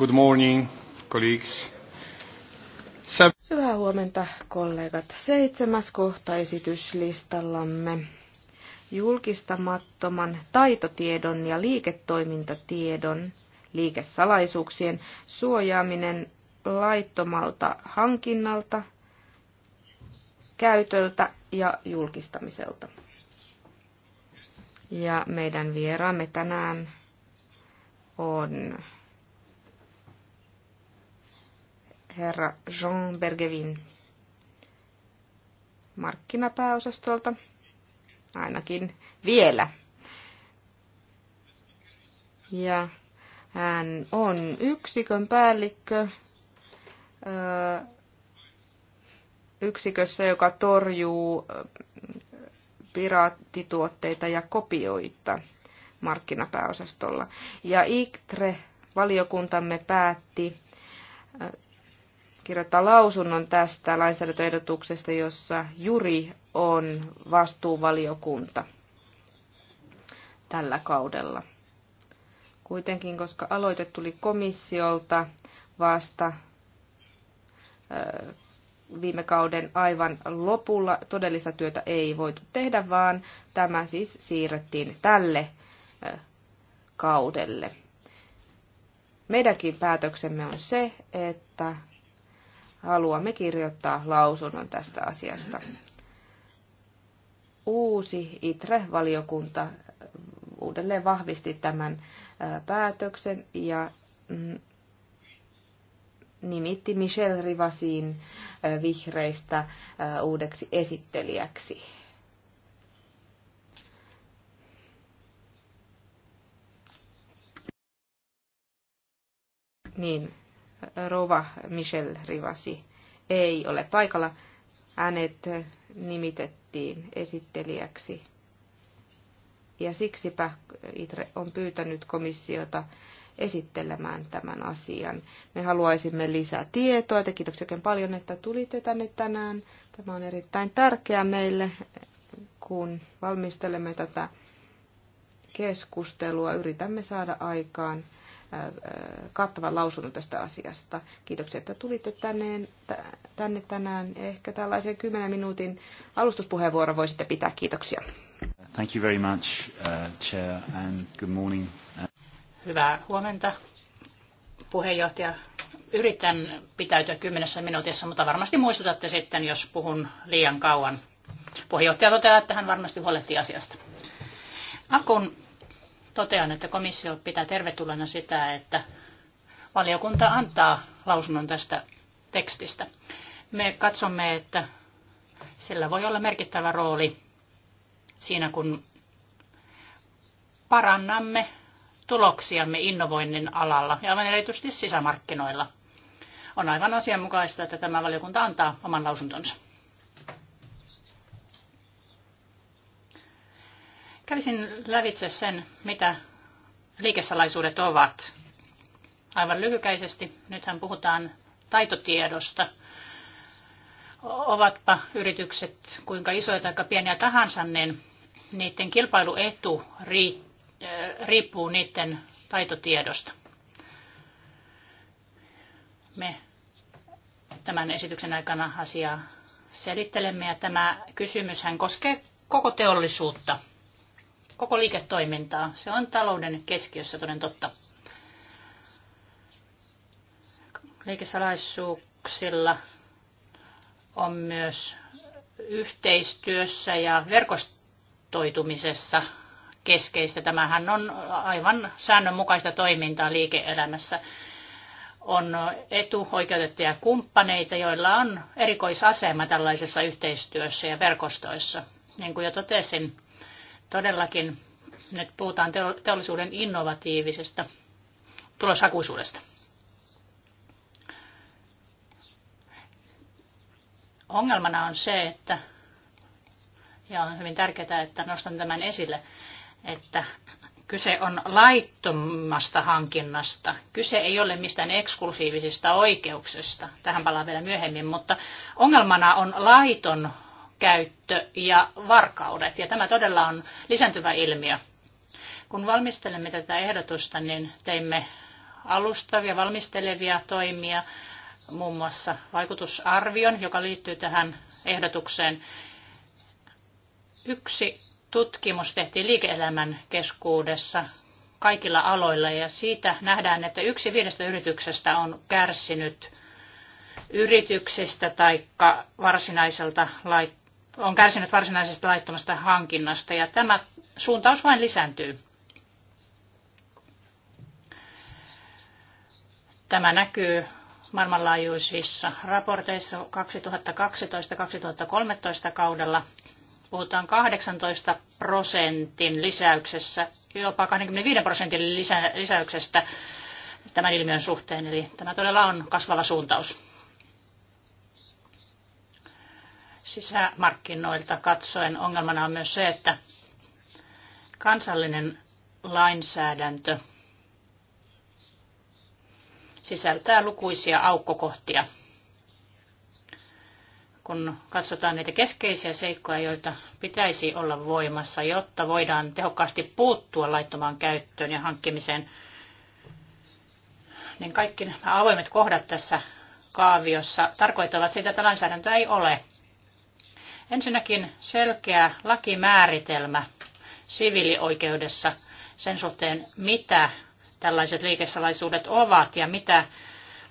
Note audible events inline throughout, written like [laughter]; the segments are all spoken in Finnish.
Good morning, colleagues. Sä... Hyvää huomenta, kollegat. Seitsemäs kohta esityslistallamme. Julkistamattoman taitotiedon ja liiketoimintatiedon liikesalaisuuksien suojaaminen laittomalta hankinnalta, käytöltä ja julkistamiselta. Ja meidän vieraamme tänään on herra Jean Bergevin markkinapääosastolta, ainakin vielä. Ja hän on yksikön päällikkö öö, yksikössä, joka torjuu piraattituotteita ja kopioita markkinapääosastolla. Ja ictre valiokuntamme päätti kirjoittaa lausunnon tästä lainsäädäntöehdotuksesta, jossa juri on vastuuvaliokunta tällä kaudella. Kuitenkin, koska aloite tuli komissiolta vasta viime kauden aivan lopulla, todellista työtä ei voitu tehdä, vaan tämä siis siirrettiin tälle kaudelle. Meidänkin päätöksemme on se, että haluamme kirjoittaa lausunnon tästä asiasta. Uusi ITRE-valiokunta uudelleen vahvisti tämän päätöksen ja mm, nimitti Michel Rivasin vihreistä uudeksi esittelijäksi. Niin, Rova Michel Rivasi ei ole paikalla. Hänet nimitettiin esittelijäksi. Ja siksipä ITRE on pyytänyt komissiota esittelemään tämän asian. Me haluaisimme lisää tietoa. Te kiitoksia oikein paljon, että tulitte tänne tänään. Tämä on erittäin tärkeää meille, kun valmistelemme tätä keskustelua. Yritämme saada aikaan kattavan lausunnon tästä asiasta. Kiitoksia, että tulitte tänne, tänne tänään. Ehkä tällaisen 10 minuutin alustuspuheenvuoron voisitte pitää. Kiitoksia. Thank you very much, uh, Chair, and good morning. Hyvää huomenta, puheenjohtaja. Yritän pitäytyä kymmenessä minuutissa, mutta varmasti muistutatte sitten, jos puhun liian kauan. Puheenjohtaja toteaa, että hän varmasti huolehtii asiasta. Akun totean, että komissio pitää tervetulleena sitä, että valiokunta antaa lausunnon tästä tekstistä. Me katsomme, että sillä voi olla merkittävä rooli siinä, kun parannamme tuloksiamme innovoinnin alalla ja aivan erityisesti sisämarkkinoilla. On aivan asianmukaista, että tämä valiokunta antaa oman lausuntonsa. Kävisin lävitse sen, mitä liikesalaisuudet ovat. Aivan lyhykäisesti, nythän puhutaan taitotiedosta. Ovatpa yritykset kuinka isoja tai pieniä tahansa, niin niiden kilpailuetu äh, riippuu niiden taitotiedosta. Me tämän esityksen aikana asiaa selittelemme ja tämä kysymyshän koskee koko teollisuutta koko liiketoimintaa. Se on talouden keskiössä toden totta. Liikesalaisuuksilla on myös yhteistyössä ja verkostoitumisessa keskeistä. Tämähän on aivan säännönmukaista toimintaa liike-elämässä. On etuoikeutettuja kumppaneita, joilla on erikoisasema tällaisessa yhteistyössä ja verkostoissa. Niin kuin jo totesin, Todellakin nyt puhutaan teollisuuden innovatiivisesta tuloshakuisuudesta. Ongelmana on se, että, ja on hyvin tärkeää, että nostan tämän esille, että kyse on laittomasta hankinnasta. Kyse ei ole mistään eksklusiivisista oikeuksista. Tähän palaan vielä myöhemmin, mutta ongelmana on laiton käyttö ja varkaudet. Ja tämä todella on lisääntyvä ilmiö. Kun valmistelemme tätä ehdotusta, niin teimme alustavia valmistelevia toimia, muun muassa vaikutusarvion, joka liittyy tähän ehdotukseen. Yksi tutkimus tehtiin liike-elämän keskuudessa kaikilla aloilla ja siitä nähdään, että yksi viidestä yrityksestä on kärsinyt yrityksistä tai varsinaiselta on kärsinyt varsinaisesta laittomasta hankinnasta ja tämä suuntaus vain lisääntyy. Tämä näkyy maailmanlaajuisissa raporteissa 2012-2013 kaudella. Puhutaan 18 prosentin lisäyksessä, jopa 25 prosentin lisäyksestä tämän ilmiön suhteen. Eli tämä todella on kasvava suuntaus. sisämarkkinoilta katsoen ongelmana on myös se, että kansallinen lainsäädäntö sisältää lukuisia aukkokohtia. Kun katsotaan niitä keskeisiä seikkoja, joita pitäisi olla voimassa, jotta voidaan tehokkaasti puuttua laittomaan käyttöön ja hankkimiseen, niin kaikki nämä avoimet kohdat tässä kaaviossa tarkoittavat sitä, että lainsäädäntöä ei ole. Ensinnäkin selkeä lakimääritelmä siviilioikeudessa sen suhteen, mitä tällaiset liikesalaisuudet ovat ja mitä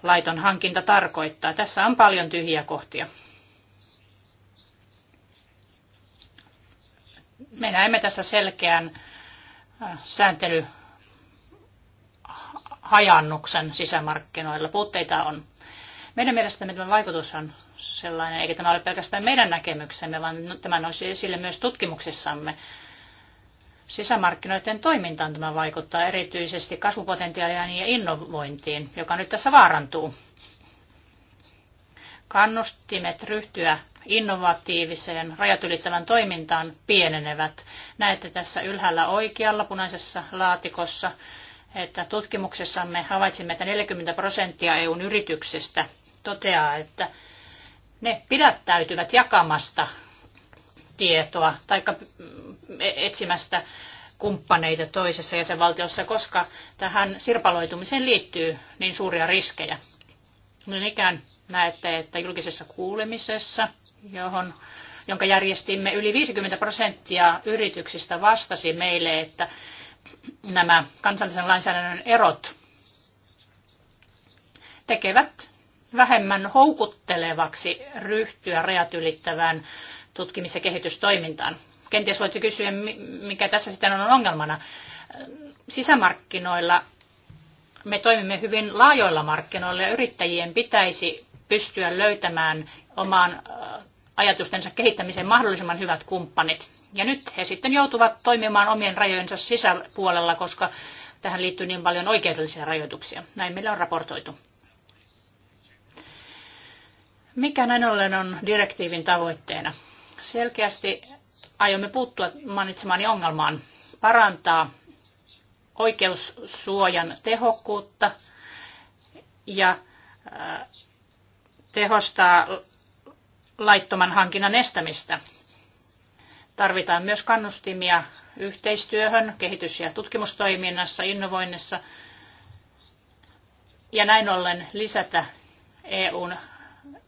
laiton hankinta tarkoittaa. Tässä on paljon tyhjiä kohtia. Me näemme tässä selkeän äh, sääntelyhajannuksen sisämarkkinoilla. Puutteita on. Meidän mielestämme tämä vaikutus on sellainen, eikä tämä ole pelkästään meidän näkemyksemme, vaan tämä nousi esille myös tutkimuksissamme. Sisämarkkinoiden toimintaan tämä vaikuttaa erityisesti kasvupotentiaaliin ja innovointiin, joka nyt tässä vaarantuu. Kannustimet ryhtyä innovatiiviseen rajat ylittävän toimintaan pienenevät. Näette tässä ylhäällä oikealla punaisessa laatikossa, että tutkimuksessamme havaitsimme, että 40 prosenttia EUn yrityksistä toteaa, että ne pidättäytyvät jakamasta tietoa tai etsimästä kumppaneita toisessa jäsenvaltiossa, koska tähän sirpaloitumiseen liittyy niin suuria riskejä. No, niin ikään näette, että julkisessa kuulemisessa, johon, jonka järjestimme, yli 50 prosenttia yrityksistä vastasi meille, että nämä kansallisen lainsäädännön erot tekevät vähemmän houkuttelevaksi ryhtyä rajat ylittävään tutkimis- ja kehitystoimintaan. Kenties voitte kysyä, mikä tässä sitten on ongelmana. Sisämarkkinoilla me toimimme hyvin laajoilla markkinoilla ja yrittäjien pitäisi pystyä löytämään omaan ajatustensa kehittämiseen mahdollisimman hyvät kumppanit. Ja nyt he sitten joutuvat toimimaan omien rajojensa sisäpuolella, koska tähän liittyy niin paljon oikeudellisia rajoituksia. Näin meillä on raportoitu. Mikä näin ollen on direktiivin tavoitteena? Selkeästi aiomme puuttua mainitsemaani ongelmaan, parantaa oikeussuojan tehokkuutta ja äh, tehostaa laittoman hankinnan estämistä. Tarvitaan myös kannustimia yhteistyöhön, kehitys- ja tutkimustoiminnassa, innovoinnissa ja näin ollen lisätä EUn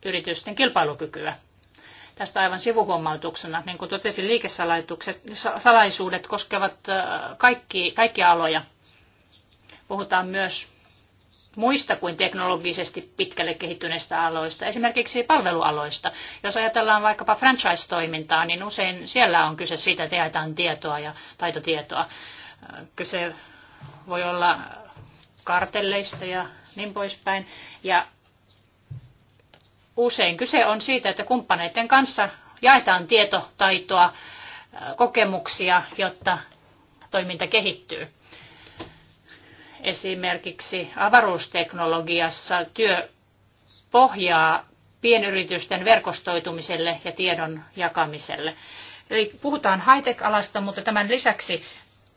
yritysten kilpailukykyä. Tästä aivan sivuhuomautuksena, niin kuin totesin, liikesalaisuudet koskevat kaikki, kaikkia aloja. Puhutaan myös muista kuin teknologisesti pitkälle kehittyneistä aloista, esimerkiksi palvelualoista. Jos ajatellaan vaikkapa franchise-toimintaa, niin usein siellä on kyse siitä, että jaetaan tietoa ja taitotietoa. Kyse voi olla kartelleista ja niin poispäin. Ja Usein kyse on siitä, että kumppaneiden kanssa jaetaan tietotaitoa, kokemuksia, jotta toiminta kehittyy. Esimerkiksi avaruusteknologiassa työ pohjaa pienyritysten verkostoitumiselle ja tiedon jakamiselle. Eli puhutaan high-tech-alasta, mutta tämän lisäksi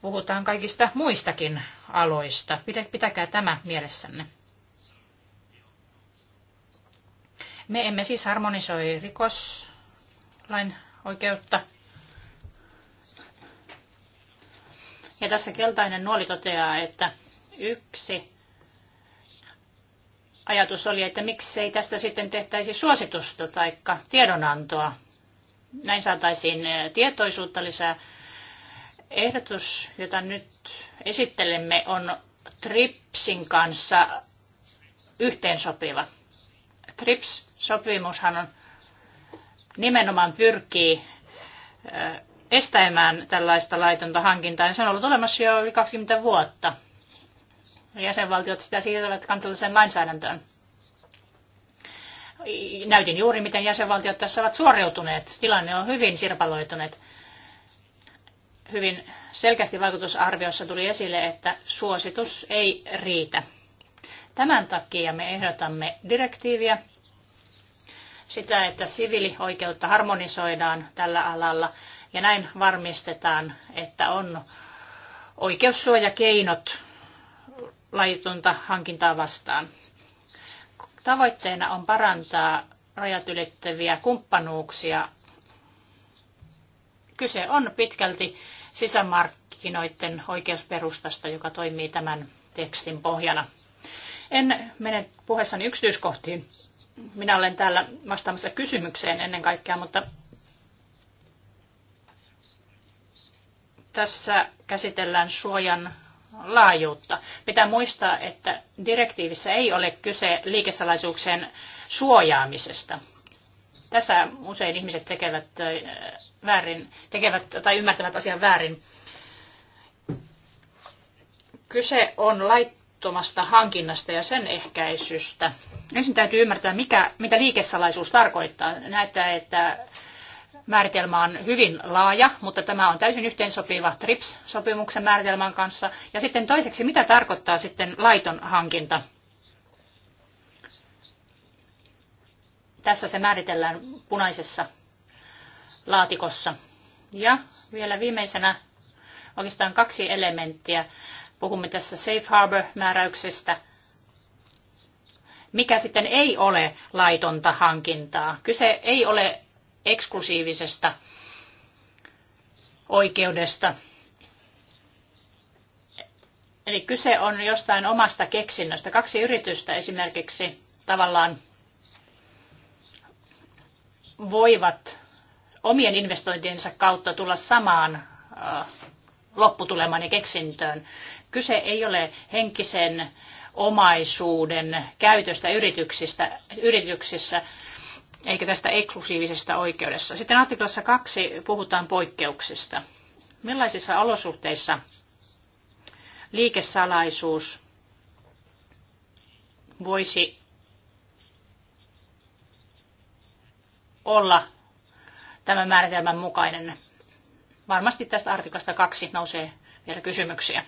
puhutaan kaikista muistakin aloista. Pitäkää tämä mielessänne. Me emme siis harmonisoi rikoslain oikeutta. Ja tässä keltainen nuoli toteaa, että yksi ajatus oli, että miksei tästä sitten tehtäisi suositusta tai tiedonantoa. Näin saataisiin eh, tietoisuutta lisää. Ehdotus, jota nyt esittelemme, on TRIPSin kanssa yhteensopiva. TRIPS sopimushan on, nimenomaan pyrkii estämään tällaista laitonta hankintaa. Se on ollut olemassa jo yli 20 vuotta. Jäsenvaltiot sitä siirtävät kansalliseen lainsäädäntöön. Näytin juuri, miten jäsenvaltiot tässä ovat suoriutuneet. Tilanne on hyvin sirpaloituneet. Hyvin selkeästi vaikutusarviossa tuli esille, että suositus ei riitä. Tämän takia me ehdotamme direktiiviä, sitä, että siviilioikeutta harmonisoidaan tällä alalla ja näin varmistetaan, että on oikeussuojakeinot laitonta hankintaa vastaan. Tavoitteena on parantaa rajat ylittäviä kumppanuuksia. Kyse on pitkälti sisämarkkinoiden oikeusperustasta, joka toimii tämän tekstin pohjana. En mene puheessani yksityiskohtiin, minä olen täällä vastaamassa kysymykseen ennen kaikkea, mutta tässä käsitellään suojan laajuutta. Pitää muistaa, että direktiivissä ei ole kyse liikesalaisuuksien suojaamisesta. Tässä usein ihmiset tekevät, väärin, tekevät tai ymmärtävät asian väärin. Kyse on laittomasta hankinnasta ja sen ehkäisystä. Ensin täytyy ymmärtää, mikä, mitä liikesalaisuus tarkoittaa. Näyttää, että määritelmä on hyvin laaja, mutta tämä on täysin yhteensopiva TRIPS-sopimuksen määritelmän kanssa. Ja sitten toiseksi, mitä tarkoittaa sitten laiton hankinta? Tässä se määritellään punaisessa laatikossa. Ja vielä viimeisenä oikeastaan kaksi elementtiä. Puhumme tässä Safe Harbor-määräyksestä – mikä sitten ei ole laitonta hankintaa. Kyse ei ole eksklusiivisesta oikeudesta. Eli kyse on jostain omasta keksinnöstä. Kaksi yritystä esimerkiksi tavallaan voivat omien investointiensa kautta tulla samaan äh, lopputulemaan ja keksintöön. Kyse ei ole henkisen omaisuuden käytöstä yrityksistä, yrityksissä, eikä tästä eksklusiivisesta oikeudessa. Sitten artiklassa kaksi puhutaan poikkeuksista. Millaisissa olosuhteissa liikesalaisuus voisi olla tämän määritelmän mukainen? Varmasti tästä artiklasta kaksi nousee vielä kysymyksiä.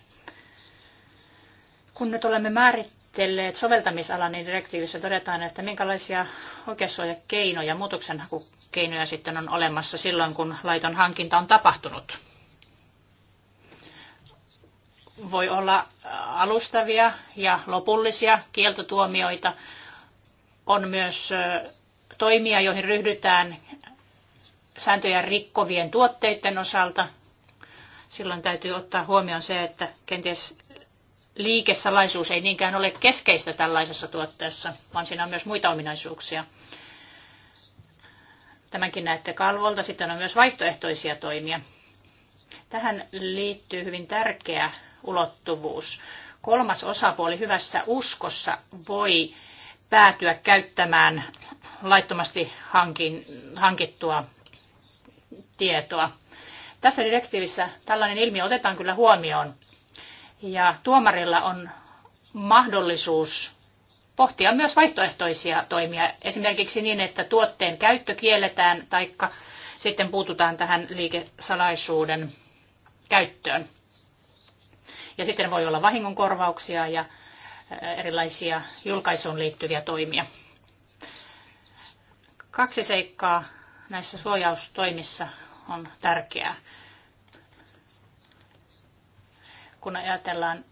Kun nyt olemme määritelleet soveltamisalan, niin direktiivissä todetaan, että minkälaisia oikeussuojakeinoja, muutoksenhakukeinoja sitten on olemassa silloin, kun laiton hankinta on tapahtunut. Voi olla alustavia ja lopullisia kieltotuomioita. On myös toimia, joihin ryhdytään sääntöjä rikkovien tuotteiden osalta. Silloin täytyy ottaa huomioon se, että kenties liikesalaisuus ei niinkään ole keskeistä tällaisessa tuotteessa, vaan siinä on myös muita ominaisuuksia. Tämänkin näette kalvolta. Sitten on myös vaihtoehtoisia toimia. Tähän liittyy hyvin tärkeä ulottuvuus. Kolmas osapuoli hyvässä uskossa voi päätyä käyttämään laittomasti hankin, hankittua tietoa. Tässä direktiivissä tällainen ilmiö otetaan kyllä huomioon ja tuomarilla on mahdollisuus pohtia myös vaihtoehtoisia toimia, esimerkiksi niin, että tuotteen käyttö kielletään tai sitten puututaan tähän liikesalaisuuden käyttöön. Ja sitten voi olla vahingonkorvauksia ja erilaisia julkaisuun liittyviä toimia. Kaksi seikkaa näissä suojaustoimissa on tärkeää kun ajatellaan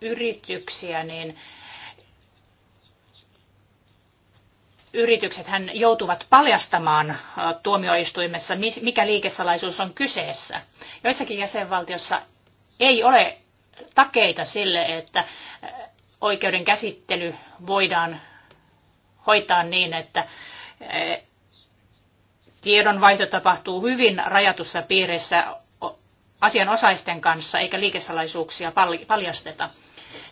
yrityksiä, niin yritykset hän joutuvat paljastamaan äh, tuomioistuimessa, mikä liikesalaisuus on kyseessä. Joissakin jäsenvaltiossa ei ole takeita sille, että äh, oikeuden käsittely voidaan hoitaa niin, että äh, tiedonvaihto tapahtuu hyvin rajatussa piirissä asianosaisten kanssa eikä liikesalaisuuksia paljasteta.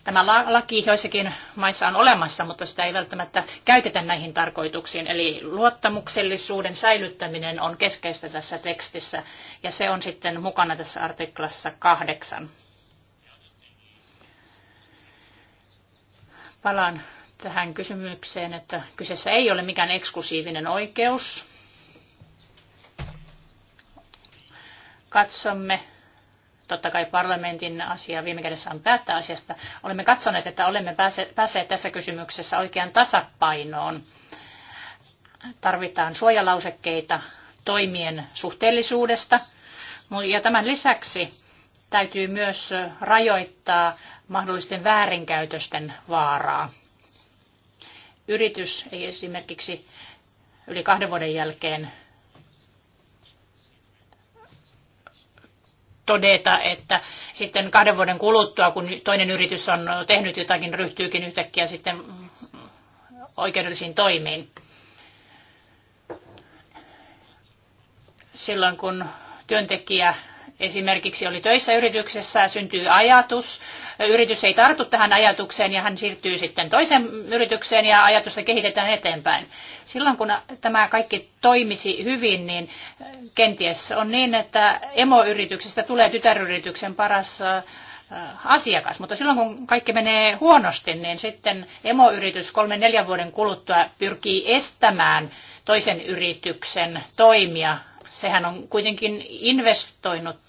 Tämä laki joissakin maissa on olemassa, mutta sitä ei välttämättä käytetä näihin tarkoituksiin. Eli luottamuksellisuuden säilyttäminen on keskeistä tässä tekstissä ja se on sitten mukana tässä artiklassa kahdeksan. Palaan tähän kysymykseen, että kyseessä ei ole mikään eksklusiivinen oikeus. Katsomme totta kai parlamentin asia viime kädessä on päättää asiasta. Olemme katsoneet, että olemme päässeet tässä kysymyksessä oikeaan tasapainoon. Tarvitaan suojalausekkeita toimien suhteellisuudesta. Ja tämän lisäksi täytyy myös rajoittaa mahdollisten väärinkäytösten vaaraa. Yritys ei esimerkiksi yli kahden vuoden jälkeen todeta, että sitten kahden vuoden kuluttua, kun toinen yritys on tehnyt jotakin, ryhtyykin yhtäkkiä sitten oikeudellisiin toimiin. Silloin kun työntekijä esimerkiksi oli töissä yrityksessä, syntyy ajatus, yritys ei tartu tähän ajatukseen ja hän siirtyy sitten toiseen yritykseen ja ajatusta kehitetään eteenpäin. Silloin kun tämä kaikki toimisi hyvin, niin kenties on niin, että emoyrityksestä tulee tytäryrityksen paras äh, asiakas, mutta silloin kun kaikki menee huonosti, niin sitten emoyritys kolmen neljän vuoden kuluttua pyrkii estämään toisen yrityksen toimia Sehän on kuitenkin investoinut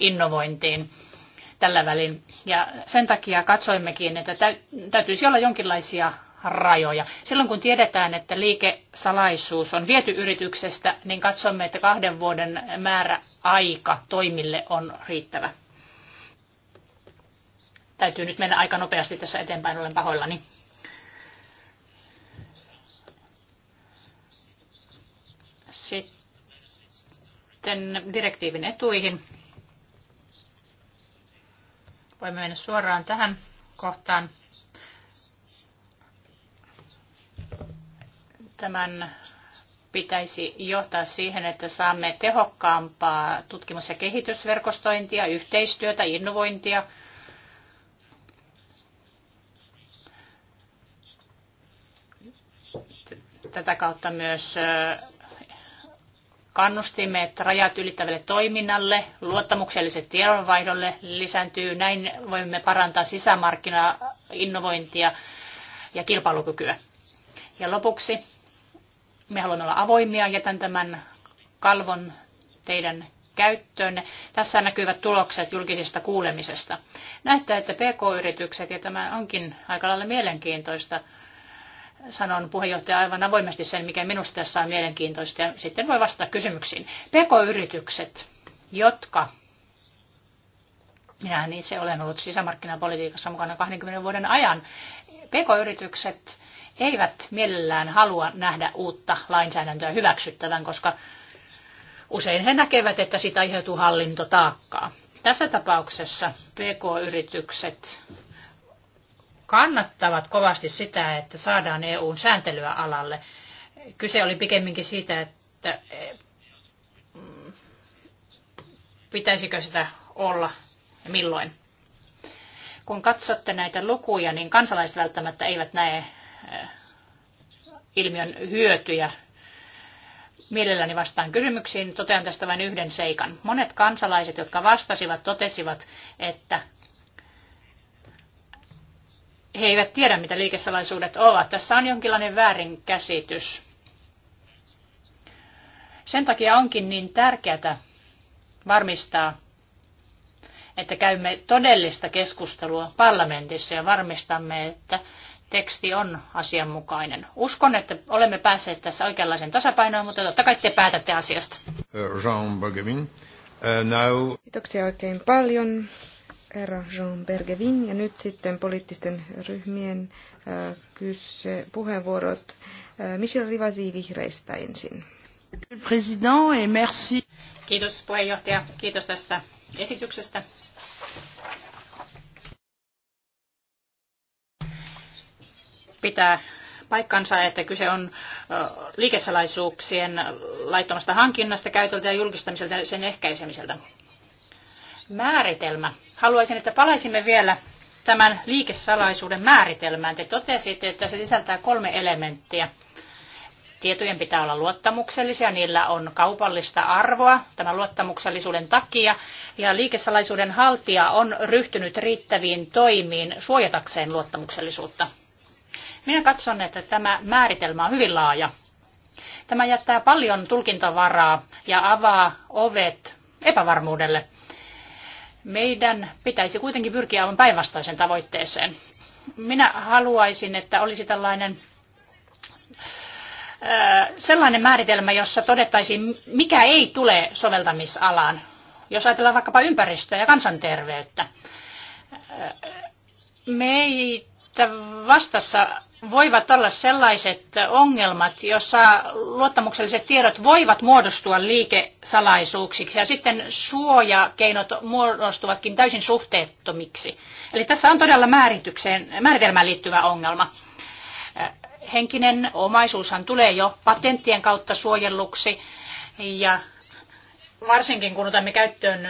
innovointiin tällä välin. Ja sen takia katsoimmekin, että täytyisi olla jonkinlaisia rajoja. Silloin kun tiedetään, että liikesalaisuus on viety yrityksestä, niin katsomme, että kahden vuoden määrä aika toimille on riittävä. Täytyy nyt mennä aika nopeasti tässä eteenpäin, olen pahoillani. Sitten sitten direktiivin etuihin. Voimme mennä suoraan tähän kohtaan. Tämän pitäisi johtaa siihen, että saamme tehokkaampaa tutkimus- ja kehitysverkostointia, yhteistyötä, innovointia. Tätä kautta myös että rajat ylittävälle toiminnalle, luottamukselliselle tiedonvaihdolle lisääntyy. Näin voimme parantaa sisämarkkinainnovointia innovointia ja kilpailukykyä. Ja lopuksi me haluamme olla avoimia. Jätän tämän kalvon teidän käyttöön. Tässä näkyvät tulokset julkisesta kuulemisesta. Näyttää, että PK-yritykset, ja tämä onkin aika lailla mielenkiintoista, sanon puheenjohtaja aivan avoimesti sen, mikä minusta tässä on mielenkiintoista ja sitten voi vastata kysymyksiin. PK-yritykset, jotka, minähän itse olen ollut sisämarkkinapolitiikassa mukana 20 vuoden ajan, PK-yritykset eivät mielellään halua nähdä uutta lainsäädäntöä hyväksyttävän, koska usein he näkevät, että siitä aiheutuu hallintotaakkaa. Tässä tapauksessa PK-yritykset kannattavat kovasti sitä, että saadaan EUn sääntelyä alalle. Kyse oli pikemminkin siitä, että mm, pitäisikö sitä olla ja milloin. Kun katsotte näitä lukuja, niin kansalaiset välttämättä eivät näe eh, ilmiön hyötyjä. Mielelläni vastaan kysymyksiin. Totean tästä vain yhden seikan. Monet kansalaiset, jotka vastasivat, totesivat, että he eivät tiedä, mitä liikesalaisuudet ovat. Tässä on jonkinlainen väärinkäsitys. Sen takia onkin niin tärkeää varmistaa, että käymme todellista keskustelua parlamentissa ja varmistamme, että teksti on asianmukainen. Uskon, että olemme päässeet tässä oikeanlaiseen tasapainoon, mutta totta kai te päätätte asiasta. Jean Uh, now... Kiitoksia oikein paljon herra Jean Bergevin. Ja nyt sitten poliittisten ryhmien äh, kyse, puheenvuorot. Äh, Michel Rivasi vihreistä ensin. Kiitos puheenjohtaja. Kiitos tästä esityksestä. Pitää paikkansa, että kyse on liikesalaisuuksien laittomasta hankinnasta, käytöltä ja julkistamiselta sen ehkäisemiseltä määritelmä. Haluaisin, että palaisimme vielä tämän liikesalaisuuden määritelmään. Te totesitte, että se sisältää kolme elementtiä. Tietojen pitää olla luottamuksellisia, niillä on kaupallista arvoa tämän luottamuksellisuuden takia, ja liikesalaisuuden haltija on ryhtynyt riittäviin toimiin suojatakseen luottamuksellisuutta. Minä katson, että tämä määritelmä on hyvin laaja. Tämä jättää paljon tulkintavaraa ja avaa ovet epävarmuudelle meidän pitäisi kuitenkin pyrkiä aivan päinvastaiseen tavoitteeseen. Minä haluaisin, että olisi tällainen sellainen määritelmä, jossa todettaisiin, mikä ei tule soveltamisalaan. Jos ajatellaan vaikkapa ympäristöä ja kansanterveyttä, meitä vastassa voivat olla sellaiset ongelmat, jossa luottamukselliset tiedot voivat muodostua liikesalaisuuksiksi ja sitten suojakeinot muodostuvatkin täysin suhteettomiksi. Eli tässä on todella määritykseen, määritelmään liittyvä ongelma. Henkinen omaisuushan tulee jo patenttien kautta suojelluksi ja varsinkin kun otamme käyttöön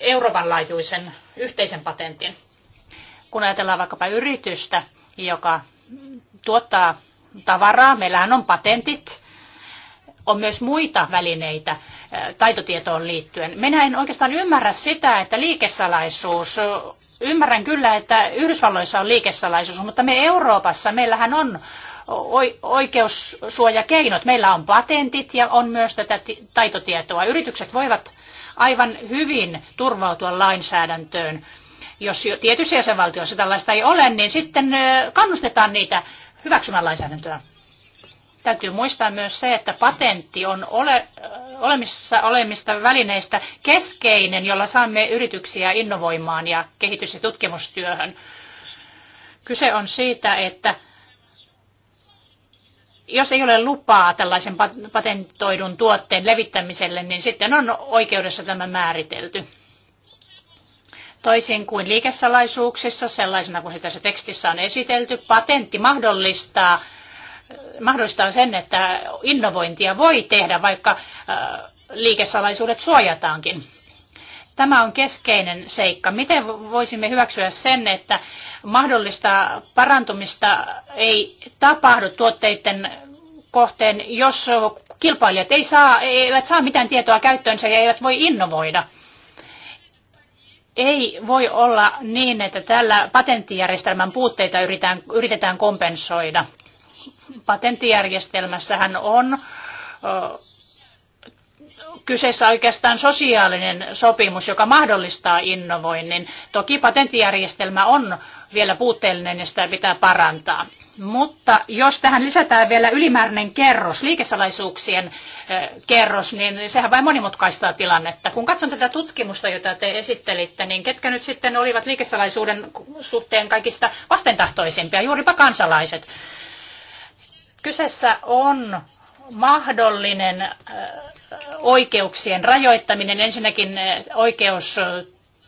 Euroopan laajuisen yhteisen patentin. Kun ajatellaan vaikkapa yritystä, joka tuottaa tavaraa, meillähän on patentit, on myös muita välineitä taitotietoon liittyen. Minä en oikeastaan ymmärrä sitä, että liikesalaisuus, ymmärrän kyllä, että Yhdysvalloissa on liikesalaisuus, mutta me Euroopassa, meillähän on oikeussuojakeinot. Meillä on patentit ja on myös tätä taitotietoa. Yritykset voivat aivan hyvin turvautua lainsäädäntöön. Jos tietyissä jäsenvaltioissa tällaista ei ole, niin sitten kannustetaan niitä hyväksymään lainsäädäntöä. Täytyy muistaa myös se, että patentti on ole, olemissa olemista välineistä keskeinen, jolla saamme yrityksiä innovoimaan ja kehitys- ja tutkimustyöhön. Kyse on siitä, että jos ei ole lupaa tällaisen patentoidun tuotteen levittämiselle, niin sitten on oikeudessa tämä määritelty. Toisin kuin liikesalaisuuksissa, sellaisena kuin tässä tekstissä on esitelty, patentti mahdollistaa, mahdollistaa sen, että innovointia voi tehdä, vaikka äh, liikesalaisuudet suojataankin. Tämä on keskeinen seikka. Miten voisimme hyväksyä sen, että mahdollista parantumista ei tapahdu tuotteiden kohteen, jos kilpailijat ei saa, eivät saa mitään tietoa käyttöönsä ja eivät voi innovoida? ei voi olla niin, että tällä patenttijärjestelmän puutteita yritetään, yritetään kompensoida. Patenttijärjestelmässähän on kyseessä oikeastaan sosiaalinen sopimus, joka mahdollistaa innovoinnin. Toki patenttijärjestelmä on vielä puutteellinen ja sitä pitää parantaa. Mutta jos tähän lisätään vielä ylimääräinen kerros, liikesalaisuuksien kerros, niin sehän vain monimutkaistaa tilannetta. Kun katson tätä tutkimusta, jota te esittelitte, niin ketkä nyt sitten olivat liikesalaisuuden suhteen kaikista vastentahtoisimpia, juuripa kansalaiset? Kyseessä on mahdollinen oikeuksien rajoittaminen, ensinnäkin oikeus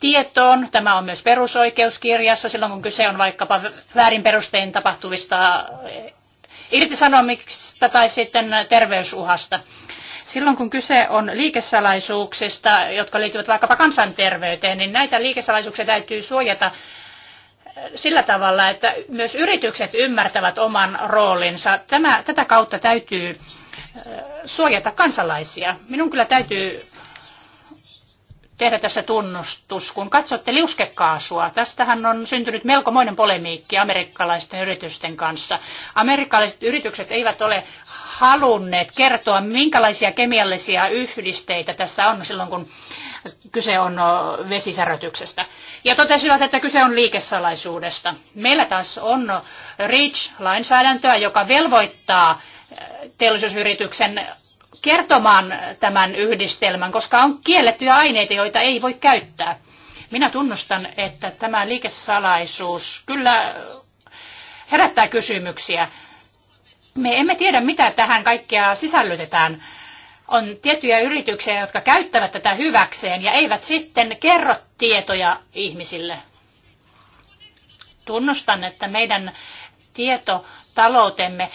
tietoon. Tämä on myös perusoikeuskirjassa silloin, kun kyse on vaikkapa väärin perustein tapahtuvista eh, irtisanomista tai sitten terveysuhasta. Silloin kun kyse on liikesalaisuuksista, jotka liittyvät vaikkapa kansanterveyteen, niin näitä liikesalaisuuksia täytyy suojata eh, sillä tavalla, että myös yritykset ymmärtävät oman roolinsa. Tämä, tätä kautta täytyy eh, suojata kansalaisia. Minun kyllä täytyy tehdä tässä tunnustus. Kun katsotte liuskekaasua, tästähän on syntynyt melkomoinen polemiikki amerikkalaisten yritysten kanssa. Amerikkalaiset yritykset eivät ole halunneet kertoa, minkälaisia kemiallisia yhdisteitä tässä on silloin, kun kyse on vesisärötyksestä. Ja totesivat, että kyse on liikesalaisuudesta. Meillä taas on REACH-lainsäädäntöä, joka velvoittaa teollisuusyrityksen kertomaan tämän yhdistelmän, koska on kiellettyjä aineita, joita ei voi käyttää. Minä tunnustan, että tämä liikesalaisuus kyllä herättää kysymyksiä. Me emme tiedä, mitä tähän kaikkea sisällytetään. On tiettyjä yrityksiä, jotka käyttävät tätä hyväkseen ja eivät sitten kerro tietoja ihmisille. Tunnustan, että meidän tieto taloutemme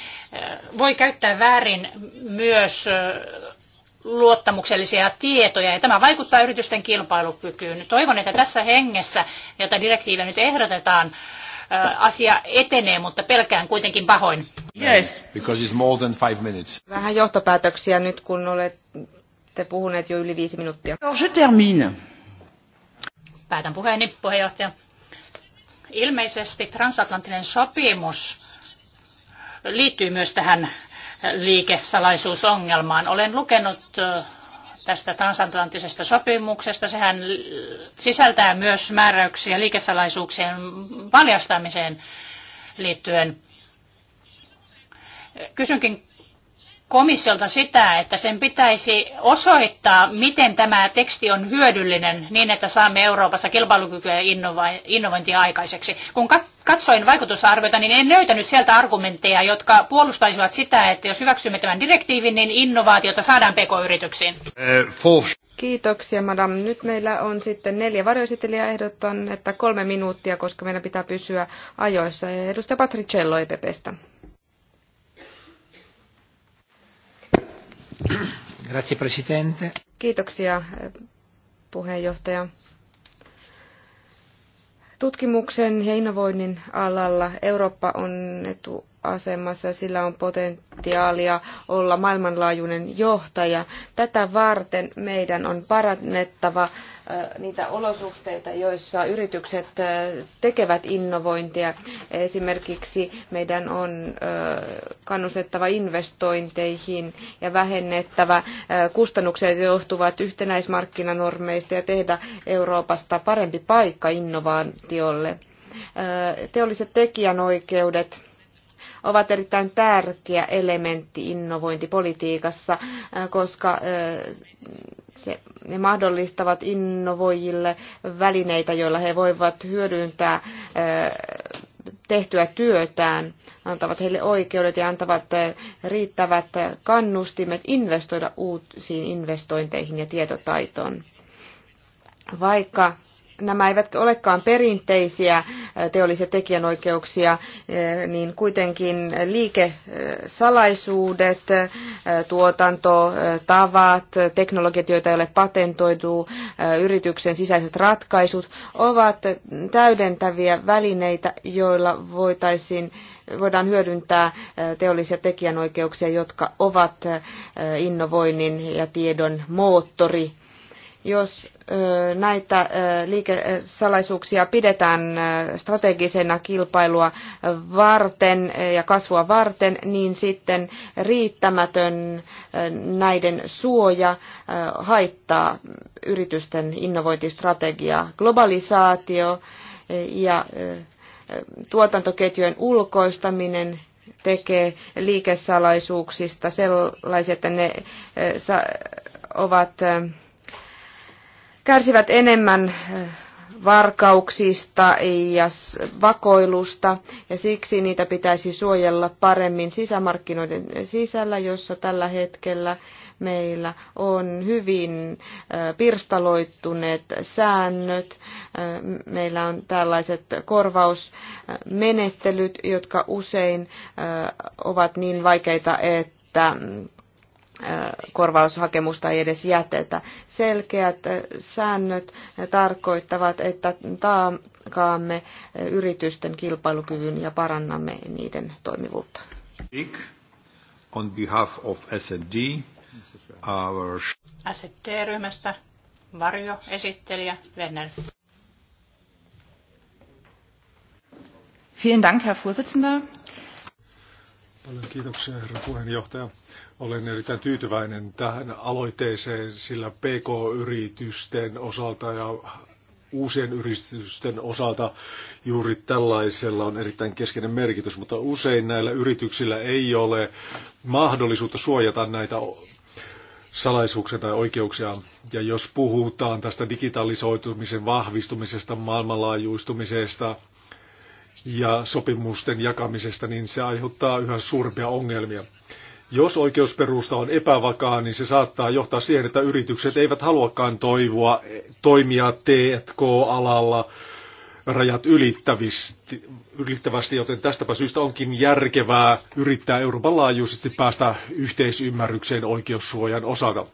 voi käyttää väärin myös luottamuksellisia tietoja, ja tämä vaikuttaa yritysten kilpailukykyyn. Toivon, että tässä hengessä, jota direktiivillä nyt ehdotetaan, asia etenee, mutta pelkään kuitenkin pahoin. Yes. Because it's more than five minutes. Vähän johtopäätöksiä nyt, kun olette puhuneet jo yli viisi minuuttia. No, termine. Päätän puheeni, puheenjohtaja. Ilmeisesti transatlanttinen sopimus liittyy myös tähän liikesalaisuusongelmaan. Olen lukenut tästä transatlanttisesta sopimuksesta. Sehän sisältää myös määräyksiä liikesalaisuuksien paljastamiseen liittyen. Kysynkin komissiolta sitä, että sen pitäisi osoittaa, miten tämä teksti on hyödyllinen niin, että saamme Euroopassa kilpailukykyä ja innovointia aikaiseksi. Kun katsoin vaikutusarvioita, niin en löytänyt sieltä argumentteja, jotka puolustaisivat sitä, että jos hyväksymme tämän direktiivin, niin innovaatiota saadaan pk-yrityksiin. Kiitoksia, madam. Nyt meillä on sitten neljä varjoesittelijää. Ehdotan, että kolme minuuttia, koska meidän pitää pysyä ajoissa. Edustaja Patricello EPPstä. Grazie, presidente. Kiitoksia, puheenjohtaja. Tutkimuksen ja innovoinnin alalla Eurooppa on etuasemassa ja sillä on potentiaalia olla maailmanlaajuinen johtaja. Tätä varten meidän on parannettava niitä olosuhteita, joissa yritykset tekevät innovointia. Esimerkiksi meidän on kannustettava investointeihin ja vähennettävä kustannukset, johtuvat yhtenäismarkkinanormeista ja tehdä Euroopasta parempi paikka innovaatiolle. Teolliset tekijänoikeudet ovat erittäin tärkeä elementti innovointipolitiikassa, koska se, ne mahdollistavat innovoijille välineitä, joilla he voivat hyödyntää tehtyä työtään, antavat heille oikeudet ja antavat riittävät kannustimet investoida uusiin investointeihin ja tietotaitoon. Vaikka nämä eivät olekaan perinteisiä äh, teollisia tekijänoikeuksia, äh, niin kuitenkin liikesalaisuudet, äh, tuotanto, tavat, teknologiat, joita ei ole patentoitu, yrityksen sisäiset ratkaisut ovat täydentäviä välineitä, joilla voitaisiin voidaan hyödyntää teollisia tekijänoikeuksia, jotka ovat innovoinnin ja tiedon moottori jos näitä liikesalaisuuksia pidetään strategisena kilpailua varten ja kasvua varten, niin sitten riittämätön näiden suoja haittaa yritysten innovointistrategiaa. Globalisaatio ja tuotantoketjujen ulkoistaminen tekee liikesalaisuuksista sellaisia, että ne ovat kärsivät enemmän eh, varkauksista ja vakoilusta, ja siksi niitä pitäisi suojella paremmin sisämarkkinoiden sisällä, jossa tällä hetkellä meillä on hyvin eh, pirstaloittuneet säännöt. Eh, meillä on tällaiset korvausmenettelyt, jotka usein ovat niin vaikeita, että että mm, korvaushakemusta ei edes jätetä. Selkeät säännöt tarkoittavat, että taakaamme yritysten kilpailukyvyn ja parannamme niiden toimivuutta. On behalf of SD, our... ryhmästä varjo esittelijä Venner. Vielen Dank, Herr Vorsitzender. Paljon kiitoksia, herra puheenjohtaja. Olen erittäin tyytyväinen tähän aloitteeseen, sillä PK-yritysten osalta ja uusien yritysten osalta juuri tällaisella on erittäin keskeinen merkitys, mutta usein näillä yrityksillä ei ole mahdollisuutta suojata näitä salaisuuksia tai oikeuksia. Ja jos puhutaan tästä digitalisoitumisen vahvistumisesta, maailmanlaajuistumisesta ja sopimusten jakamisesta, niin se aiheuttaa yhä suurempia ongelmia. Jos oikeusperusta on epävakaa, niin se saattaa johtaa siihen, että yritykset eivät haluakaan toivoa eh, toimia T&K-alalla rajat ylittävästi, joten tästäpä syystä onkin järkevää yrittää Euroopan laajuisesti päästä yhteisymmärrykseen oikeussuojan osalta.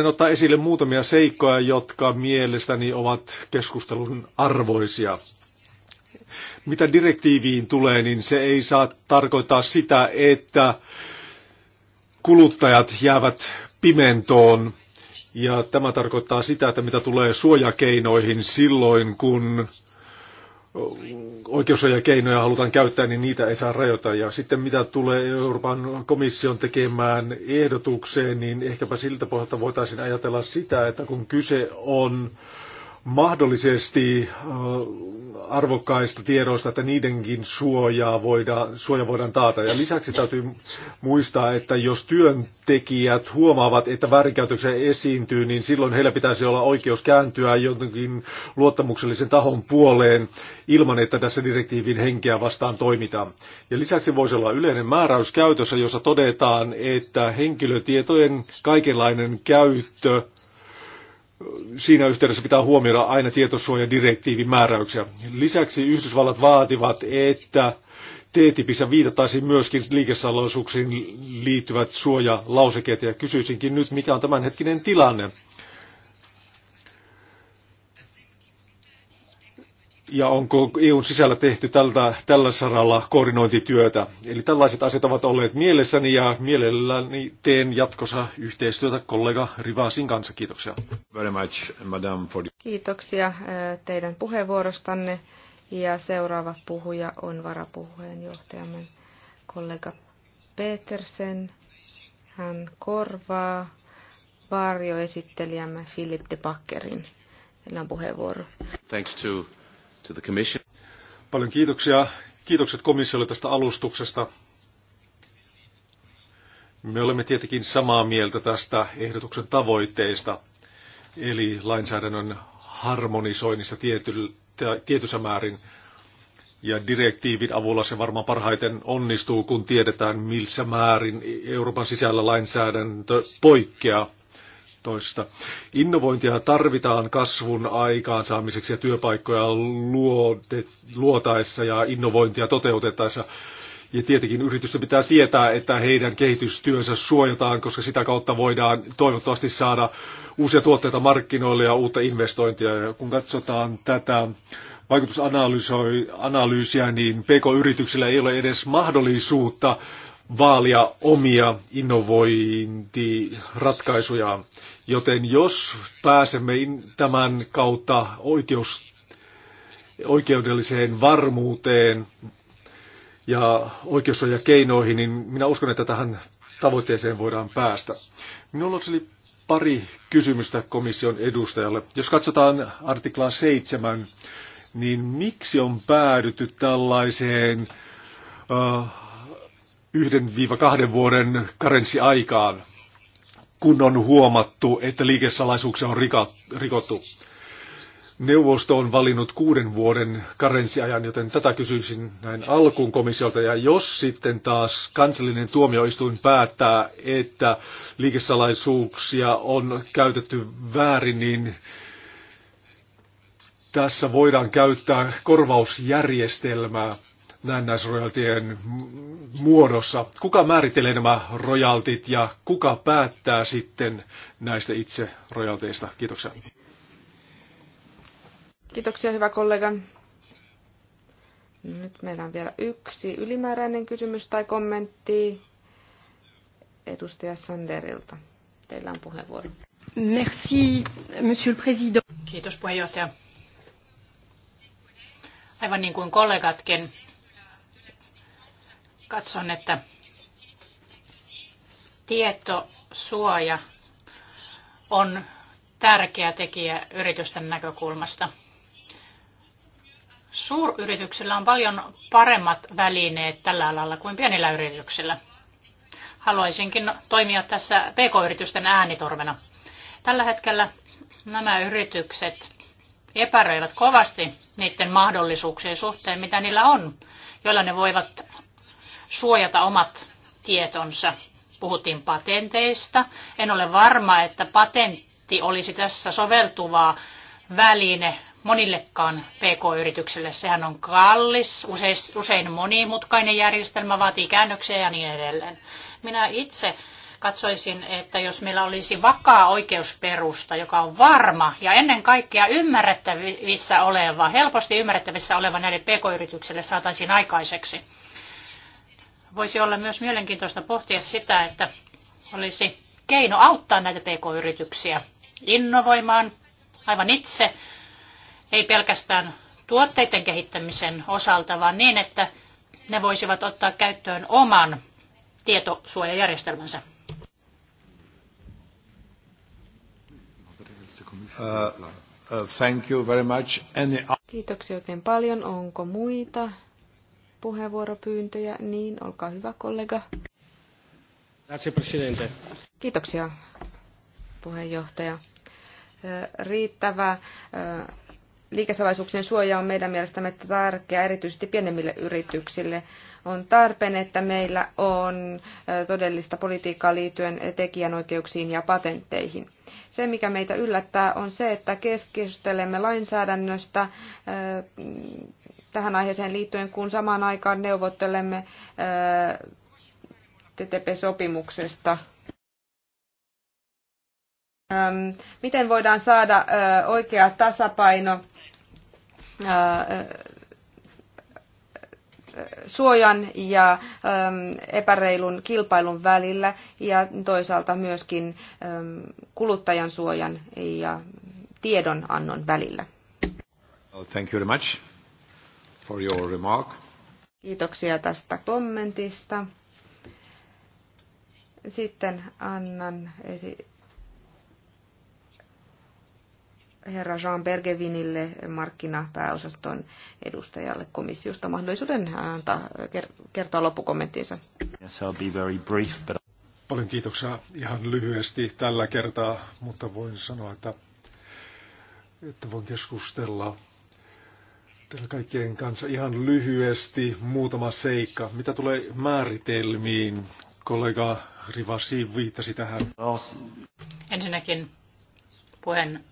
en ottaa esille muutamia seikkoja, jotka mielestäni ovat keskustelun arvoisia. Mitä direktiiviin tulee, niin se ei saa tarkoittaa sitä, että kuluttajat jäävät pimentoon ja tämä tarkoittaa sitä, että mitä tulee suojakeinoihin silloin, kun oikeussuojakeinoja halutaan käyttää, niin niitä ei saa rajoita. Ja sitten mitä tulee Euroopan komission tekemään ehdotukseen, niin ehkäpä siltä pohjalta voitaisiin ajatella sitä, että kun kyse on mahdollisesti äh, arvokkaista tiedoista, että niidenkin suojaa suoja voidaan taata. Ja lisäksi täytyy muistaa, että jos työntekijät huomaavat, että väärinkäytöksiä esiintyy, niin silloin heillä pitäisi olla oikeus kääntyä jonkin luottamuksellisen tahon puoleen ilman, että tässä direktiivin henkeä vastaan toimitaan. Ja lisäksi voisi olla yleinen määräys käytössä, jossa todetaan, että henkilötietojen kaikenlainen käyttö siinä yhteydessä pitää huomioida aina tietosuojadirektiivin määräyksiä. Lisäksi Yhdysvallat vaativat, että TTIPissä viitataisiin myöskin liikesalaisuuksiin liittyvät suojalausekkeet ja kysyisinkin nyt, mikä on tämänhetkinen tilanne. ja onko EUn sisällä tehty tältä, tällä saralla koordinointityötä. Eli tällaiset asiat ovat olleet mielessäni ja mielelläni teen jatkossa yhteistyötä kollega Rivasin kanssa. Kiitoksia. Very much, madam, for... Kiitoksia eh, teidän puheenvuorostanne ja seuraava puhuja on varapuheenjohtajamme kollega Petersen. Hän korvaa varjoesittelijämme Philip de Backerin. on puheenvuoro. Thanks to to the commission. Paljon kiitoksia. Kiitokset komissiolle tästä alustuksesta. Me olemme tietenkin samaa mieltä tästä ehdotuksen tavoitteista, eli lainsäädännön harmonisoinnista tietyssä määrin. Ja direktiivin avulla se varmaan parhaiten onnistuu, kun tiedetään, missä määrin Euroopan sisällä lainsäädäntö poikkeaa 2015. Innovointia tarvitaan kasvun aikaansaamiseksi ja työpaikkoja luotaessa ja innovointia toteutettaessa. Ja tietenkin yritysten pitää tietää, että heidän kehitystyönsä suojataan, koska sitä kautta voidaan toivottavasti saada uusia tuotteita markkinoille ja uutta investointia. Ja kun katsotaan tätä vaikutusanalyysiä, niin PK-yrityksillä ei ole edes mahdollisuutta vaalia omia innovointiratkaisuja. Joten jos pääsemme tämän kautta oikeus, oikeudelliseen varmuuteen ja oikeussuojakeinoihin, niin minä uskon, että tähän tavoitteeseen voidaan päästä. Minulla oli pari kysymystä komission edustajalle. Jos katsotaan artiklaa 7, niin miksi on päädytty tällaiseen äh, 1-2 vuoden karenssiaikaan, kun on huomattu, että liikesalaisuuksia on rikottu. Neuvosto on valinnut kuuden vuoden karenssiajan, joten tätä kysyisin näin alkuun komissiolta. Ja jos sitten taas kansallinen tuomioistuin päättää, että liikesalaisuuksia on käytetty väärin, niin tässä voidaan käyttää korvausjärjestelmää näennäisrojaltien muodossa. Kuka määrittelee nämä rojaltit ja kuka päättää sitten näistä itse rojalteista? Kiitoksia. Kiitoksia hyvä kollega. Nyt meillä on vielä yksi ylimääräinen kysymys tai kommentti edustaja Sanderilta. Teillä on puheenvuoro. Merci, monsieur le président. Kiitos puheenjohtaja. Aivan niin kuin kollegatkin, Katson, että tietosuoja on tärkeä tekijä yritysten näkökulmasta. Suuryrityksillä on paljon paremmat välineet tällä alalla kuin pienillä yrityksillä. Haluaisinkin toimia tässä pk-yritysten äänitorvena. Tällä hetkellä nämä yritykset epäröivät kovasti niiden mahdollisuuksien suhteen, mitä niillä on, joilla ne voivat suojata omat tietonsa. Puhuttiin patenteista. En ole varma, että patentti olisi tässä soveltuvaa väline monillekaan PK-yritykselle. Sehän on kallis, usein monimutkainen järjestelmä, vaatii käännöksiä ja niin edelleen. Minä itse katsoisin, että jos meillä olisi vakaa oikeusperusta, joka on varma ja ennen kaikkea ymmärrettävissä oleva, helposti ymmärrettävissä oleva näille pk-yrityksille saataisiin aikaiseksi voisi olla myös mielenkiintoista pohtia sitä, että olisi keino auttaa näitä pk-yrityksiä innovoimaan aivan itse, ei pelkästään tuotteiden kehittämisen osalta, vaan niin, että ne voisivat ottaa käyttöön oman tietosuojajärjestelmänsä. Uh, uh, thank you very much. Any... Kiitoksia oikein paljon. Onko muita puheenvuoropyyntöjä, niin olkaa hyvä kollega. Kiitoksia puheenjohtaja. Riittävä liikesalaisuuksien suoja on meidän mielestämme tärkeä erityisesti pienemmille yrityksille. On tarpeen, että meillä on todellista politiikkaa liittyen tekijänoikeuksiin ja patentteihin. Se, mikä meitä yllättää, on se, että keskustelemme lainsäädännöstä tähän aiheeseen liittyen, kun samaan aikaan neuvottelemme TTP-sopimuksesta. Miten voidaan saada oikea tasapaino suojan ja epäreilun kilpailun välillä ja toisaalta myöskin kuluttajan suojan ja tiedonannon välillä? Oh, thank you very much for your remark. Kiitoksia tästä kommentista. Sitten annan esi- herra Jean Bergevinille, markkinapääosaston edustajalle komissiosta, mahdollisuuden antaa, kertoa loppukommenttinsa. Yes, I'll be very brief, but... Paljon kiitoksia ihan lyhyesti tällä kertaa, mutta voin sanoa, että, että voin keskustella Täällä kaikkien kanssa ihan lyhyesti muutama seikka. Mitä tulee määritelmiin? Kollega Rivasi viittasi tähän. Ensinnäkin puheen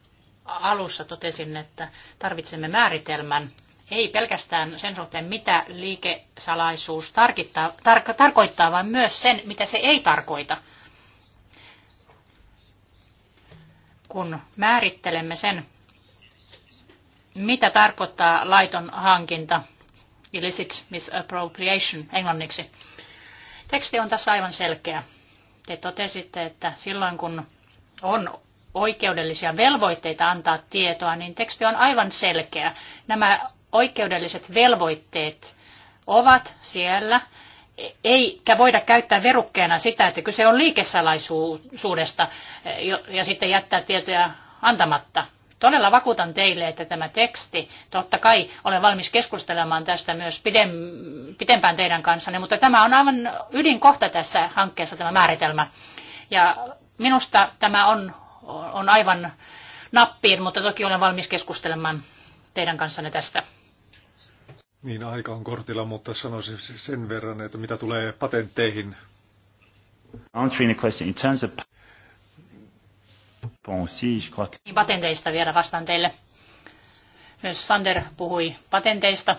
alussa totesin, että tarvitsemme määritelmän ei pelkästään sen suhteen, mitä liikesalaisuus tarkoittaa, tar- tarkoittaa, vaan myös sen, mitä se ei tarkoita. Kun määrittelemme sen, mitä tarkoittaa laiton hankinta, illicit misappropriation englanniksi. Teksti on tässä aivan selkeä. Te totesitte, että silloin kun on oikeudellisia velvoitteita antaa tietoa, niin teksti on aivan selkeä. Nämä oikeudelliset velvoitteet ovat siellä. Eikä voida käyttää verukkeena sitä, että kyse on liikesalaisuudesta ja sitten jättää tietoja antamatta Todella vakuutan teille, että tämä teksti, totta kai olen valmis keskustelemaan tästä myös pidempään teidän kanssanne, mutta tämä on aivan ydinkohta tässä hankkeessa tämä määritelmä. Ja minusta tämä on, on aivan nappiin, mutta toki olen valmis keskustelemaan teidän kanssanne tästä. Niin, aika on kortilla, mutta sanoisin sen verran, että mitä tulee patentteihin. Answering the question in terms of... Niin patenteista vielä vastaan teille. Myös Sander puhui patenteista.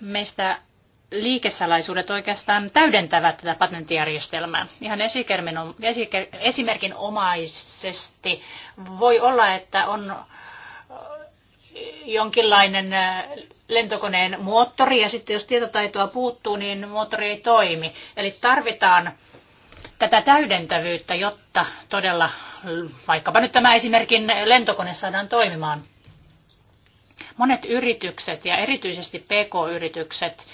Meistä liikesalaisuudet oikeastaan täydentävät tätä patenttijärjestelmää. Ihan esimerkin omaisesti voi olla, että on äh, jonkinlainen äh, lentokoneen moottori ja sitten jos tietotaitoa puuttuu, niin moottori ei toimi. Eli tarvitaan tätä täydentävyyttä, jotta todella vaikkapa nyt tämä esimerkin lentokone saadaan toimimaan. Monet yritykset ja erityisesti PK-yritykset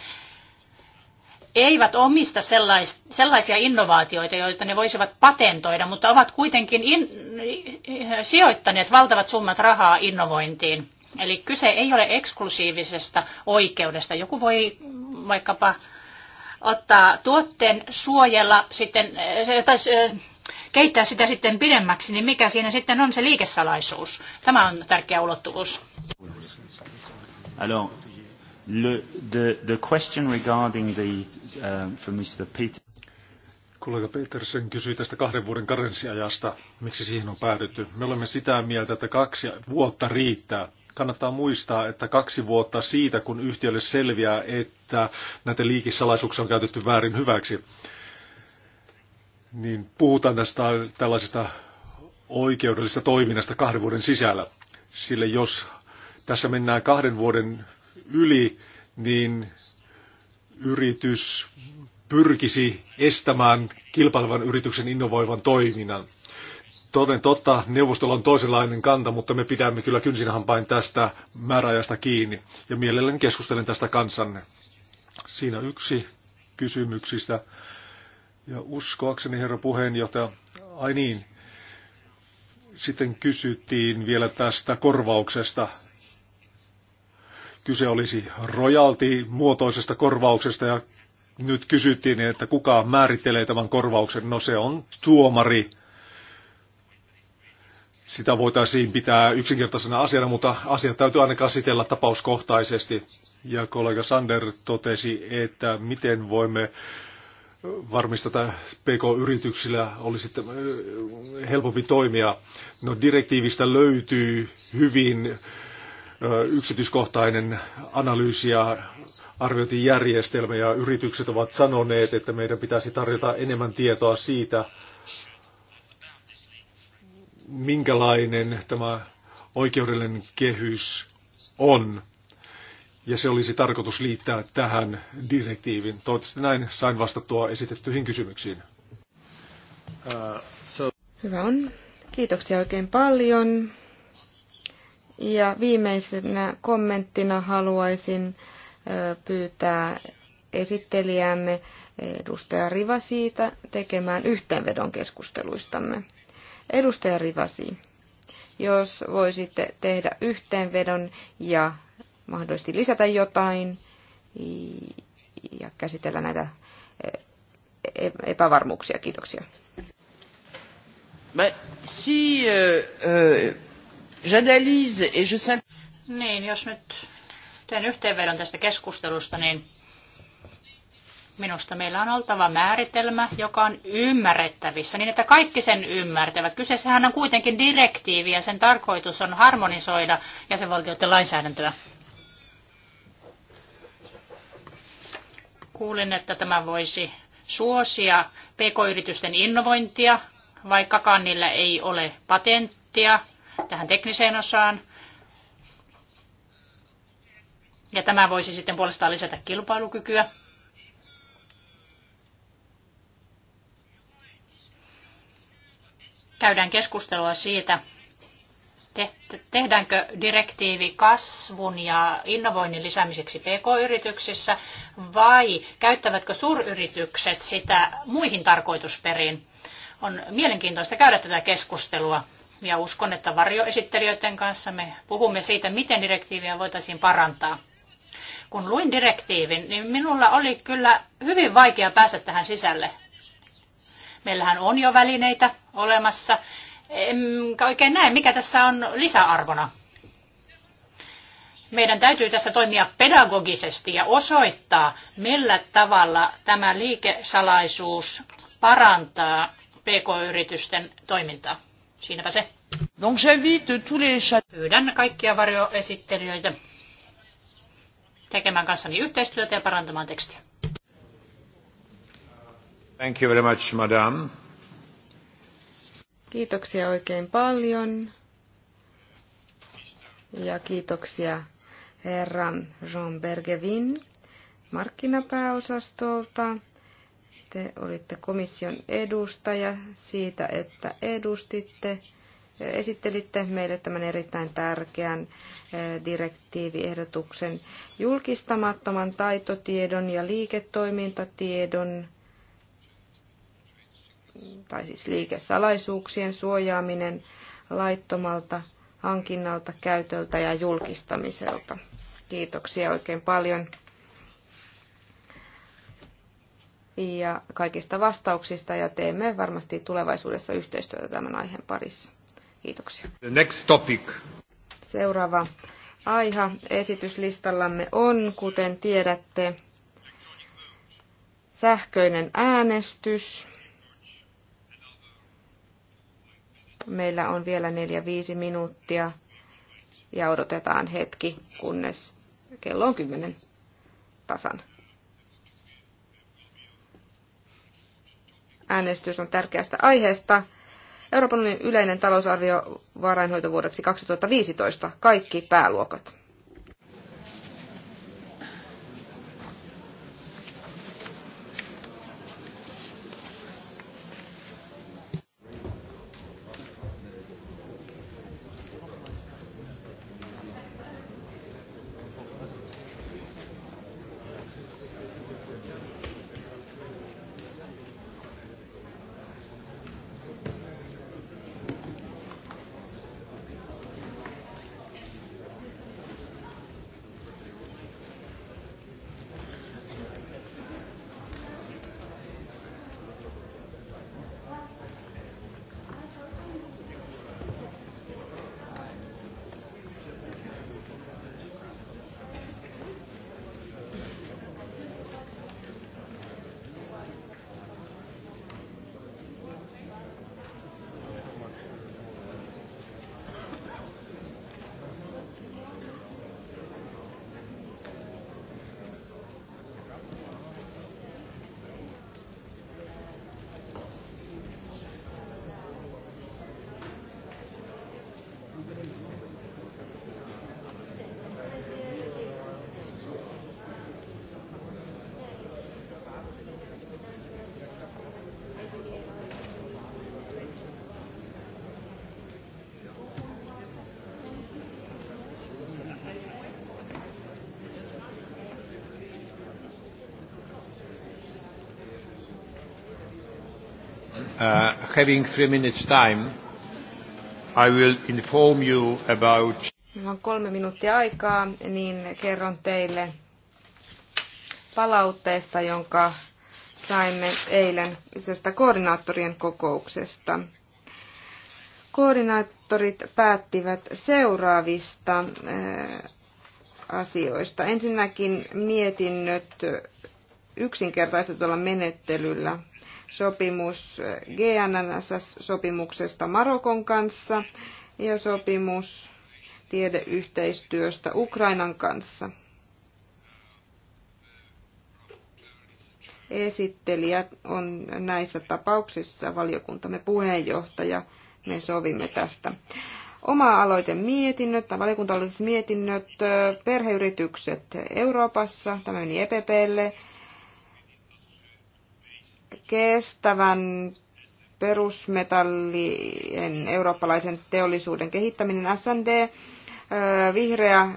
eivät omista sellaisia innovaatioita, joita ne voisivat patentoida, mutta ovat kuitenkin in, sijoittaneet valtavat summat rahaa innovointiin. Eli kyse ei ole eksklusiivisesta oikeudesta. Joku voi vaikkapa ottaa tuotteen, suojella sitten, tai keittää sitä sitten pidemmäksi, niin mikä siinä sitten on se liikesalaisuus? Tämä on tärkeä ulottuvuus. Alors, le, the, the question regarding the, uh, for Mr. Peter. Kollega Petersen kysyi tästä kahden vuoden karenssiajasta, miksi siihen on päädytty. Me olemme sitä mieltä, että kaksi vuotta riittää kannattaa muistaa, että kaksi vuotta siitä, kun yhtiölle selviää, että näitä liikisalaisuuksia on käytetty väärin hyväksi, niin puhutaan tästä tällaisesta oikeudellisesta toiminnasta kahden vuoden sisällä. Sillä jos tässä mennään kahden vuoden yli, niin yritys pyrkisi estämään kilpailevan yrityksen innovoivan toiminnan. Toden totta, neuvostolla on toisenlainen kanta, mutta me pidämme kyllä kynsinhampain tästä määräajasta kiinni. Ja mielelläni keskustelen tästä kanssanne. Siinä yksi kysymyksistä. Ja uskoakseni, herra puheenjohtaja, ai niin, sitten kysyttiin vielä tästä korvauksesta. Kyse olisi rojalti-muotoisesta korvauksesta ja nyt kysyttiin, että kuka määrittelee tämän korvauksen. No se on tuomari sitä voitaisiin pitää yksinkertaisena asiana, mutta asiat täytyy aina käsitellä tapauskohtaisesti. Ja kollega Sander totesi, että miten voimme varmistaa, PK-yrityksillä olisi äh, helpompi toimia. No direktiivistä löytyy hyvin äh, yksityiskohtainen analyysi ja arviointijärjestelmä ja yritykset ovat sanoneet, että meidän pitäisi tarjota enemmän tietoa siitä, minkälainen tämä oikeudellinen kehys on. Ja se olisi tarkoitus liittää tähän direktiivin. Toivottavasti näin sain vastattua esitettyihin kysymyksiin. Uh, Hyvä on. Kiitoksia oikein paljon. Ja viimeisenä kommenttina haluaisin pyytää esittelijämme edustaja Riva siitä tekemään yhteenvedon keskusteluistamme. Edustaja Rivasi, jos voisitte tehdä yhteenvedon ja mahdollisesti lisätä jotain ja käsitellä näitä eh, epävarmuuksia. Kiitoksia. Si, euh, euh j'analyse Niin, jos nyt teen yhteenvedon tästä keskustelusta, niin Minusta meillä on oltava määritelmä, joka on ymmärrettävissä, niin että kaikki sen ymmärtävät. Kyseessähän on kuitenkin direktiivi ja sen tarkoitus on harmonisoida jäsenvaltioiden lainsäädäntöä. Kuulin, että tämä voisi suosia pk-yritysten innovointia, vaikkakaan niillä ei ole patenttia tähän tekniseen osaan. Ja tämä voisi sitten puolestaan lisätä kilpailukykyä. käydään keskustelua siitä, tehdäänkö direktiivi kasvun ja innovoinnin lisäämiseksi PK-yrityksissä vai käyttävätkö suuryritykset sitä muihin tarkoitusperiin. On mielenkiintoista käydä tätä keskustelua ja uskon, että varjoesittelijöiden kanssa me puhumme siitä, miten direktiiviä voitaisiin parantaa. Kun luin direktiivin, niin minulla oli kyllä hyvin vaikea päästä tähän sisälle. Meillähän on jo välineitä olemassa. Enkä oikein näe, mikä tässä on lisäarvona. Meidän täytyy tässä toimia pedagogisesti ja osoittaa, millä tavalla tämä liikesalaisuus parantaa pk-yritysten toimintaa. Siinäpä se. Donc j'invite tous les Pyydän kaikkia varjoesittelijöitä tekemään kanssani yhteistyötä ja parantamaan tekstiä. Thank you very much, madam. Kiitoksia oikein paljon. Ja kiitoksia herra Jean Bergevin markkinapääosastolta. Te olitte komission edustaja siitä, että edustitte, esittelitte meille tämän erittäin tärkeän eh, direktiiviehdotuksen julkistamattoman taitotiedon ja liiketoimintatiedon tai siis liikesalaisuuksien suojaaminen laittomalta hankinnalta, käytöltä ja julkistamiselta. Kiitoksia oikein paljon. Ja kaikista vastauksista ja teemme varmasti tulevaisuudessa yhteistyötä tämän aiheen parissa. Kiitoksia. The next topic. Seuraava aihe esityslistallamme on, kuten tiedätte, sähköinen äänestys. Meillä on vielä 4-5 minuuttia ja odotetaan hetki, kunnes kello on 10 tasan. Äänestys on tärkeästä aiheesta. Euroopan unionin yleinen talousarvio varainhoitovuodeksi 2015. Kaikki pääluokat. Uh, having three minutes time, I will inform you about... On kolme minuuttia aikaa, niin kerron teille palautteesta, jonka saimme eilen koordinaattorien kokouksesta. Koordinaattorit päättivät seuraavista eh, asioista. Ensinnäkin mietinnöt yksinkertaistetulla menettelyllä sopimus GNNS-sopimuksesta Marokon kanssa ja sopimus tiedeyhteistyöstä Ukrainan kanssa. Esittelijä on näissä tapauksissa valiokuntamme puheenjohtaja. Me sovimme tästä. Oma aloite mietinnöt tai valiokunta mietinnöt perheyritykset Euroopassa, tämä meni EPPlle, kestävän perusmetallien eurooppalaisen teollisuuden kehittäminen SND, vihreä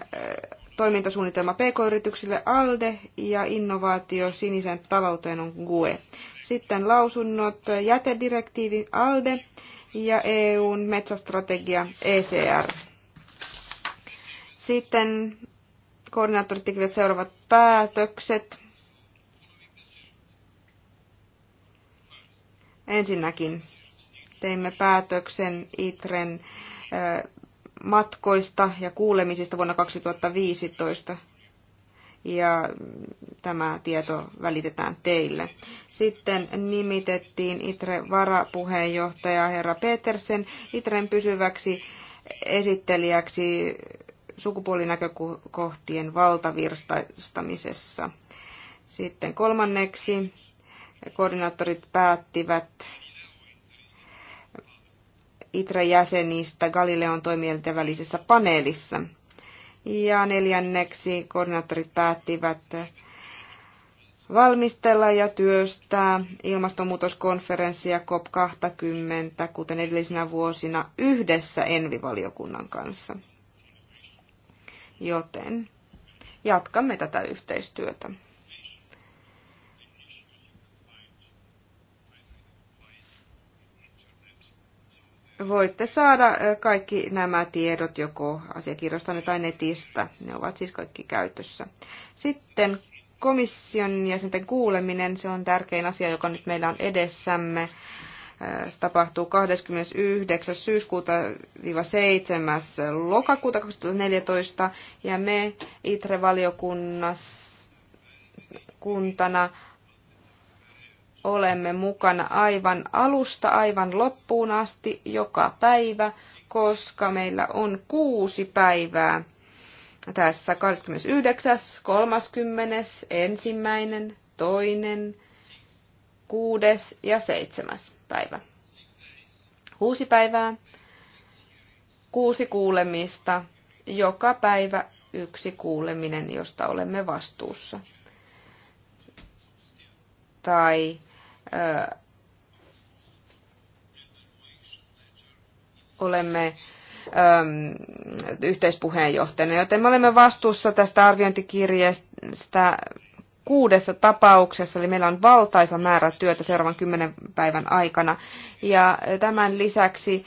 toimintasuunnitelma PK-yrityksille ALDE ja innovaatio sinisen talouteen on GUE. Sitten lausunnot jätedirektiivi ALDE ja EUn metsästrategia ECR. Sitten koordinaattorit tekevät seuraavat päätökset. Ensinnäkin teimme päätöksen ITREN matkoista ja kuulemisista vuonna 2015 ja tämä tieto välitetään teille. Sitten nimitettiin ITRE varapuheenjohtaja herra Petersen ITREn pysyväksi esittelijäksi sukupuolinäkökohtien valtavirstaistamisessa. Sitten kolmanneksi koordinaattorit päättivät ITRE-jäsenistä Galileon toimielinten välisessä paneelissa. Ja neljänneksi koordinaattorit päättivät valmistella ja työstää ilmastonmuutoskonferenssia COP20, kuten edellisinä vuosina, yhdessä Envivaliokunnan kanssa. Joten jatkamme tätä yhteistyötä. voitte saada kaikki nämä tiedot joko asiakirjasta tai netistä. Ne ovat siis kaikki käytössä. Sitten komission jäsenten kuuleminen, se on tärkein asia, joka nyt meillä on edessämme. Se tapahtuu 29. syyskuuta-7. lokakuuta 2014 ja me itre kuntana olemme mukana aivan alusta aivan loppuun asti joka päivä, koska meillä on kuusi päivää tässä 29., 30., ensimmäinen, toinen, kuudes ja seitsemäs päivä. Kuusi päivää, kuusi kuulemista, joka päivä yksi kuuleminen, josta olemme vastuussa. Tai olemme yhteispuheenjohtajana, joten me olemme vastuussa tästä arviointikirjeestä kuudessa tapauksessa, eli meillä on valtaisa määrä työtä seuraavan kymmenen päivän aikana. Ja tämän lisäksi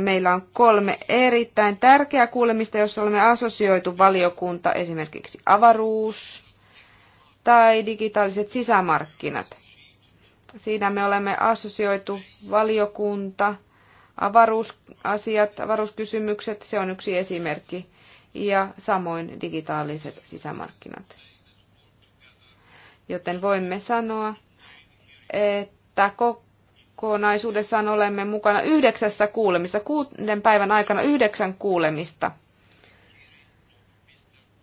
meillä on kolme erittäin tärkeää kuulemista, jossa olemme assosioitu valiokunta, esimerkiksi avaruus tai digitaaliset sisämarkkinat. Siinä me olemme assosioitu valiokunta, avaruusasiat, avaruuskysymykset, se on yksi esimerkki, ja samoin digitaaliset sisämarkkinat. Joten voimme sanoa, että kokonaisuudessaan olemme mukana yhdeksässä kuulemissa, kuuden päivän aikana yhdeksän kuulemista.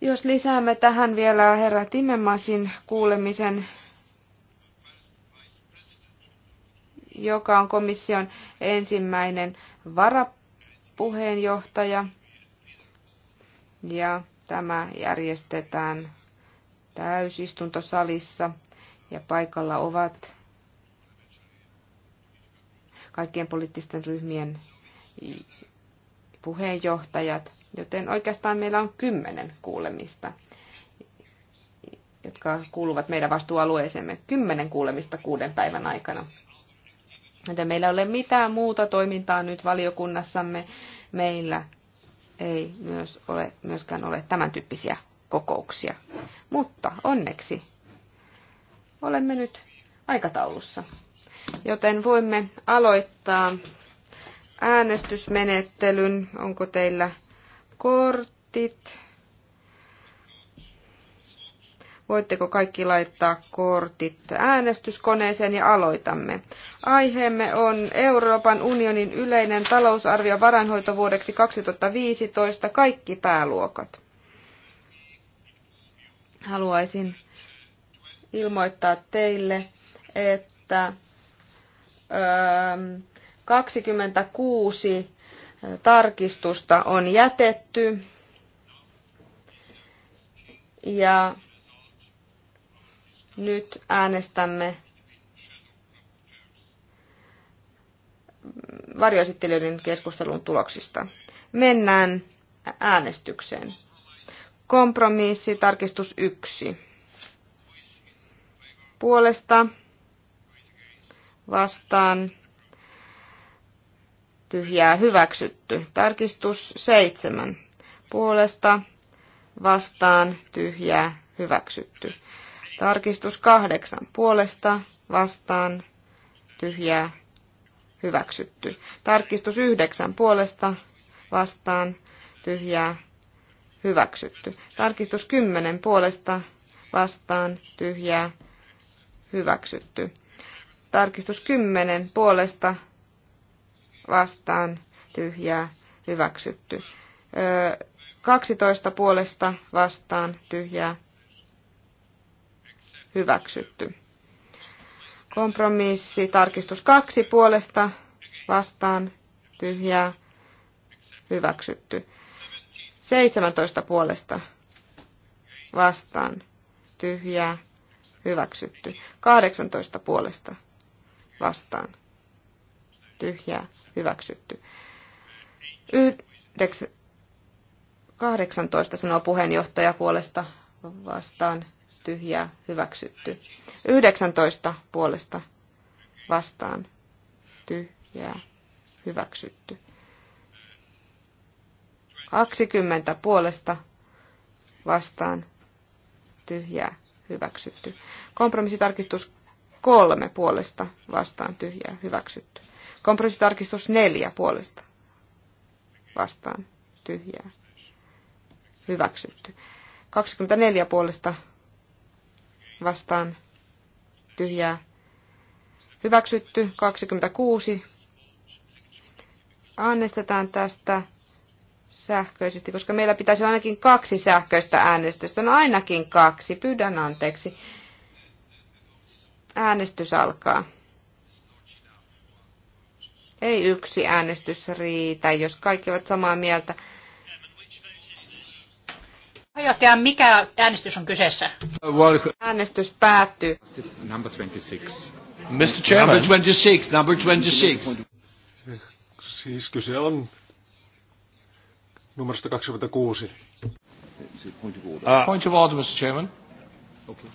Jos lisäämme tähän vielä herra Timemasin kuulemisen joka on komission ensimmäinen varapuheenjohtaja. Ja tämä järjestetään täysistuntosalissa ja paikalla ovat kaikkien poliittisten ryhmien puheenjohtajat, joten oikeastaan meillä on kymmenen kuulemista, jotka kuuluvat meidän vastuualueeseemme. Kymmenen kuulemista kuuden päivän aikana. Joten meillä ei ole mitään muuta toimintaa nyt valiokunnassamme. Meillä ei myös ole, myöskään ole tämän tyyppisiä kokouksia. Mutta onneksi olemme nyt aikataulussa. Joten voimme aloittaa äänestysmenettelyn. Onko teillä kortit? Voitteko kaikki laittaa kortit äänestyskoneeseen ja aloitamme. Aiheemme on Euroopan unionin yleinen talousarvio varainhoitovuodeksi 2015, kaikki pääluokat. Haluaisin ilmoittaa teille, että 26 ähm, äh, tarkistusta on jätetty ja nyt äänestämme varjoesittelijöiden keskustelun tuloksista. Mennään äänestykseen. Kompromissi, tarkistus 1. Puolesta, vastaan, tyhjää hyväksytty. Tarkistus 7. Puolesta, vastaan, tyhjää hyväksytty. Tarkistus kahdeksan puolesta vastaan tyhjää hyväksytty. Tarkistus yhdeksän puolesta vastaan tyhjää hyväksytty. Tarkistus kymmenen puolesta vastaan tyhjää hyväksytty. Tarkistus kymmenen puolesta vastaan tyhjää hyväksytty. 12 puolesta vastaan tyhjää hyväksytty. Kompromissi tarkistus kaksi puolesta vastaan tyhjää hyväksytty. 17 puolesta vastaan tyhjää hyväksytty. 18 puolesta vastaan tyhjää hyväksytty. 18 sanoo puheenjohtaja puolesta vastaan tyhjää hyväksytty. 19 puolesta vastaan tyhjää hyväksytty. 20 puolesta vastaan tyhjää hyväksytty. Kompromissitarkistus kolme puolesta vastaan tyhjää hyväksytty. Kompromissitarkistus neljä puolesta vastaan tyhjää hyväksytty. 24 puolesta vastaan tyhjää hyväksytty. 26 äänestetään tästä sähköisesti, koska meillä pitäisi olla ainakin kaksi sähköistä äänestystä. No ainakin kaksi, pyydän anteeksi. Äänestys alkaa. Ei yksi äänestys riitä, jos kaikki ovat samaa mieltä. Puheenjohtaja, mikä äänestys on kyseessä? Äänestys päättyy. Number 26. Mr. Chairman. Number 26, number 26. Siis kyse on numerosta 26. Ah. Point of order, uh, Point of order Mr. Chairman. Okay.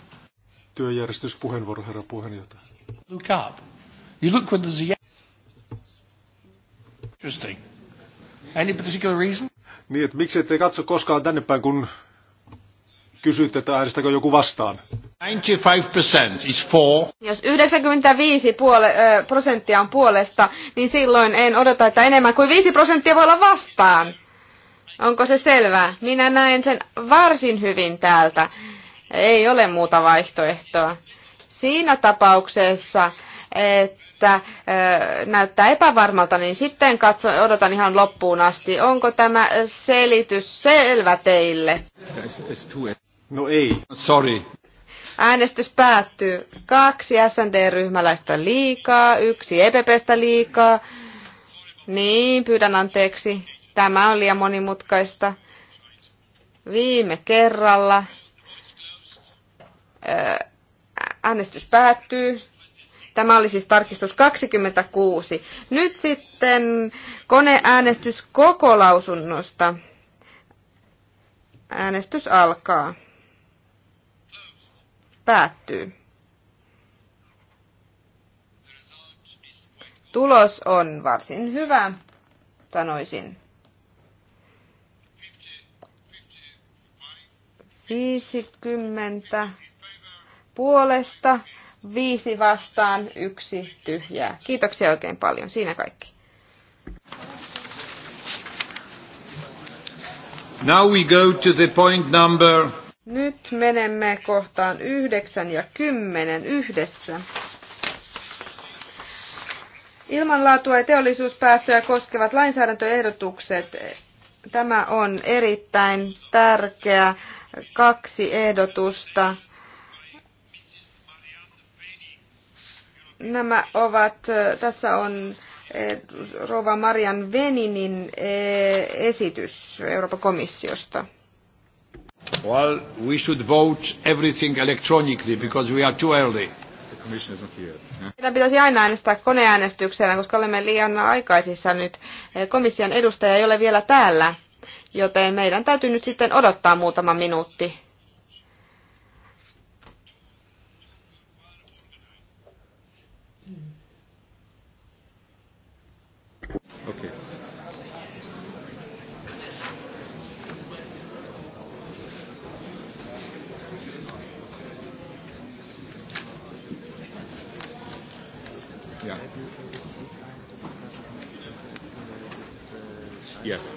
puheenvuoro, herra puheenjohtaja. Look up. You look when there's a... Interesting. Any particular reason? Niin, että miksi ette katso koskaan tänne päin, kun kysytte, että äänestäkö joku vastaan. 95% is for. Jos 95 puole, ö, prosenttia on puolesta, niin silloin en odota, että enemmän kuin 5 prosenttia voi olla vastaan. Onko se selvää? Minä näen sen varsin hyvin täältä. Ei ole muuta vaihtoehtoa. Siinä tapauksessa, että ö, näyttää epävarmalta, niin sitten katso, odotan ihan loppuun asti. Onko tämä selitys selvä teille? No ei. Sorry. Äänestys päättyy. Kaksi SND-ryhmäläistä liikaa, yksi EPPstä liikaa. Niin, pyydän anteeksi. Tämä on liian monimutkaista. Viime kerralla äänestys päättyy. Tämä oli siis tarkistus 26. Nyt sitten koneäänestys koko lausunnosta. Äänestys alkaa päättyy. Tulos on varsin hyvä, sanoisin. 50 puolesta, viisi vastaan, yksi tyhjää. Kiitoksia oikein paljon. Siinä kaikki. Now we go to the point number nyt menemme kohtaan 9 ja 10 yhdessä. Ilmanlaatua ja teollisuuspäästöjä koskevat lainsäädäntöehdotukset. Tämä on erittäin tärkeä kaksi ehdotusta. Nämä ovat, tässä on eh, Rova Marian Veninin eh, esitys Euroopan komissiosta. Well, we should vote everything electronically because we are too early. Meidän pitäisi aina äänestää koneäänestyksellä, koska olemme liian aikaisissa nyt. Eh, komission edustaja ei ole vielä täällä, joten meidän täytyy nyt sitten odottaa muutama minuutti. Yes.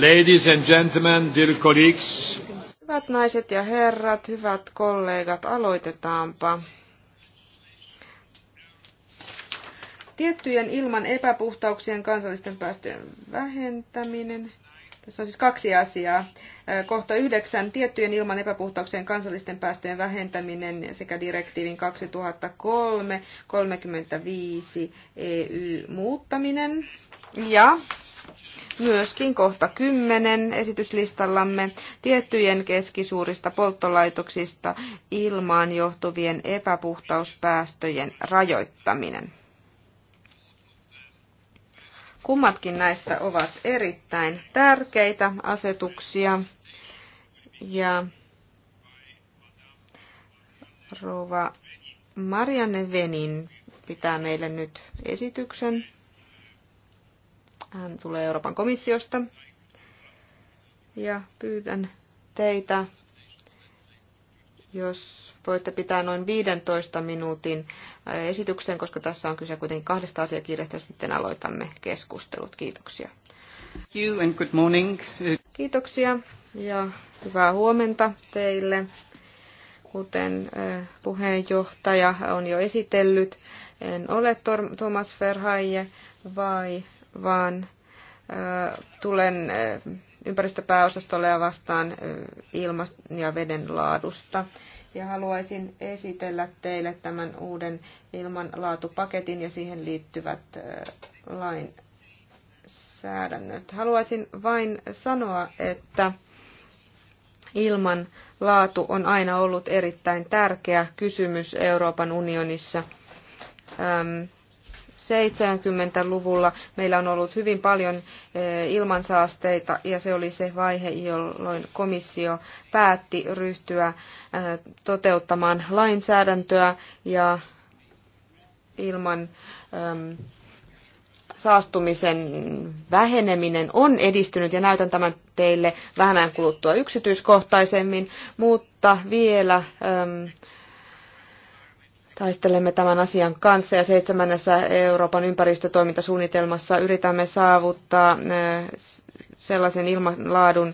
Ladies and gentlemen, dear colleagues. Hyvät naiset ja herrat, hyvät kollegat, aloitetaanpa. Tiettyjen ilman epäpuhtauksien kansallisten päästöjen vähentäminen. Tässä on siis kaksi asiaa. Kohta yhdeksän, tiettyjen ilman epäpuhtauksien kansallisten päästöjen vähentäminen sekä direktiivin 2003-35 EU muuttaminen. Ja myöskin kohta kymmenen esityslistallamme tiettyjen keskisuurista polttolaitoksista ilmaan johtuvien epäpuhtauspäästöjen rajoittaminen. Kummatkin näistä ovat erittäin tärkeitä asetuksia. Ja rouva Marianne Venin pitää meille nyt esityksen. Hän tulee Euroopan komissiosta. Ja pyydän teitä, jos voitte pitää noin 15 minuutin äh, esityksen, koska tässä on kyse kuitenkin kahdesta asiakirjasta, sitten aloitamme keskustelut. Kiitoksia. You and good morning. Kiitoksia ja hyvää huomenta teille. Kuten äh, puheenjohtaja on jo esitellyt, en ole Thomas Verhaie, vai vaan tulen ympäristöpääosastolle ja vastaan ilman ja veden laadusta. Ja haluaisin esitellä teille tämän uuden ilmanlaatupaketin ja siihen liittyvät lainsäädännöt. Haluaisin vain sanoa, että ilmanlaatu on aina ollut erittäin tärkeä kysymys Euroopan unionissa. Ähm, 70-luvulla meillä on ollut hyvin paljon eh, ilmansaasteita ja se oli se vaihe, jolloin komissio päätti ryhtyä eh, toteuttamaan lainsäädäntöä ja ilman ehm, saastumisen väheneminen on edistynyt ja näytän tämän teille vähän kuluttua yksityiskohtaisemmin, mutta vielä ehm, taistelemme tämän asian kanssa ja seitsemännessä Euroopan ympäristötoimintasuunnitelmassa yritämme saavuttaa äh, sellaisen ilmanlaadun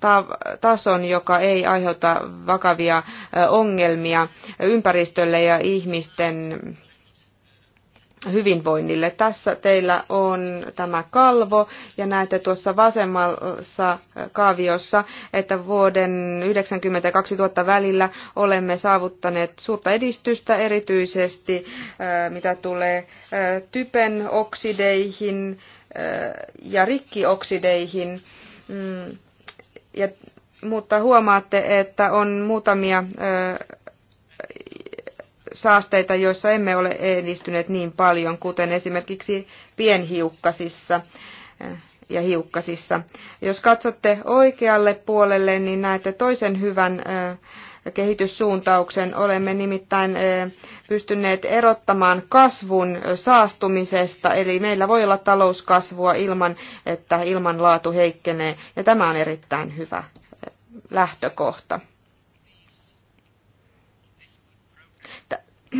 äh, tason, joka ei aiheuta vakavia äh, ongelmia ympäristölle ja ihmisten hyvinvoinnille. Tässä teillä on tämä kalvo ja näette tuossa vasemmassa kaaviossa, että vuoden 1992 välillä olemme saavuttaneet suurta edistystä erityisesti mitä tulee typen oksideihin ja rikkioksideihin. Mm, ja, mutta huomaatte, että on muutamia saasteita, joissa emme ole edistyneet niin paljon, kuten esimerkiksi pienhiukkasissa eh, ja hiukkasissa. Jos katsotte oikealle puolelle, niin näette toisen hyvän eh, kehityssuuntauksen. Olemme nimittäin eh, pystyneet erottamaan kasvun saastumisesta, eli meillä voi olla talouskasvua ilman, että ilmanlaatu heikkenee, ja tämä on erittäin hyvä lähtökohta.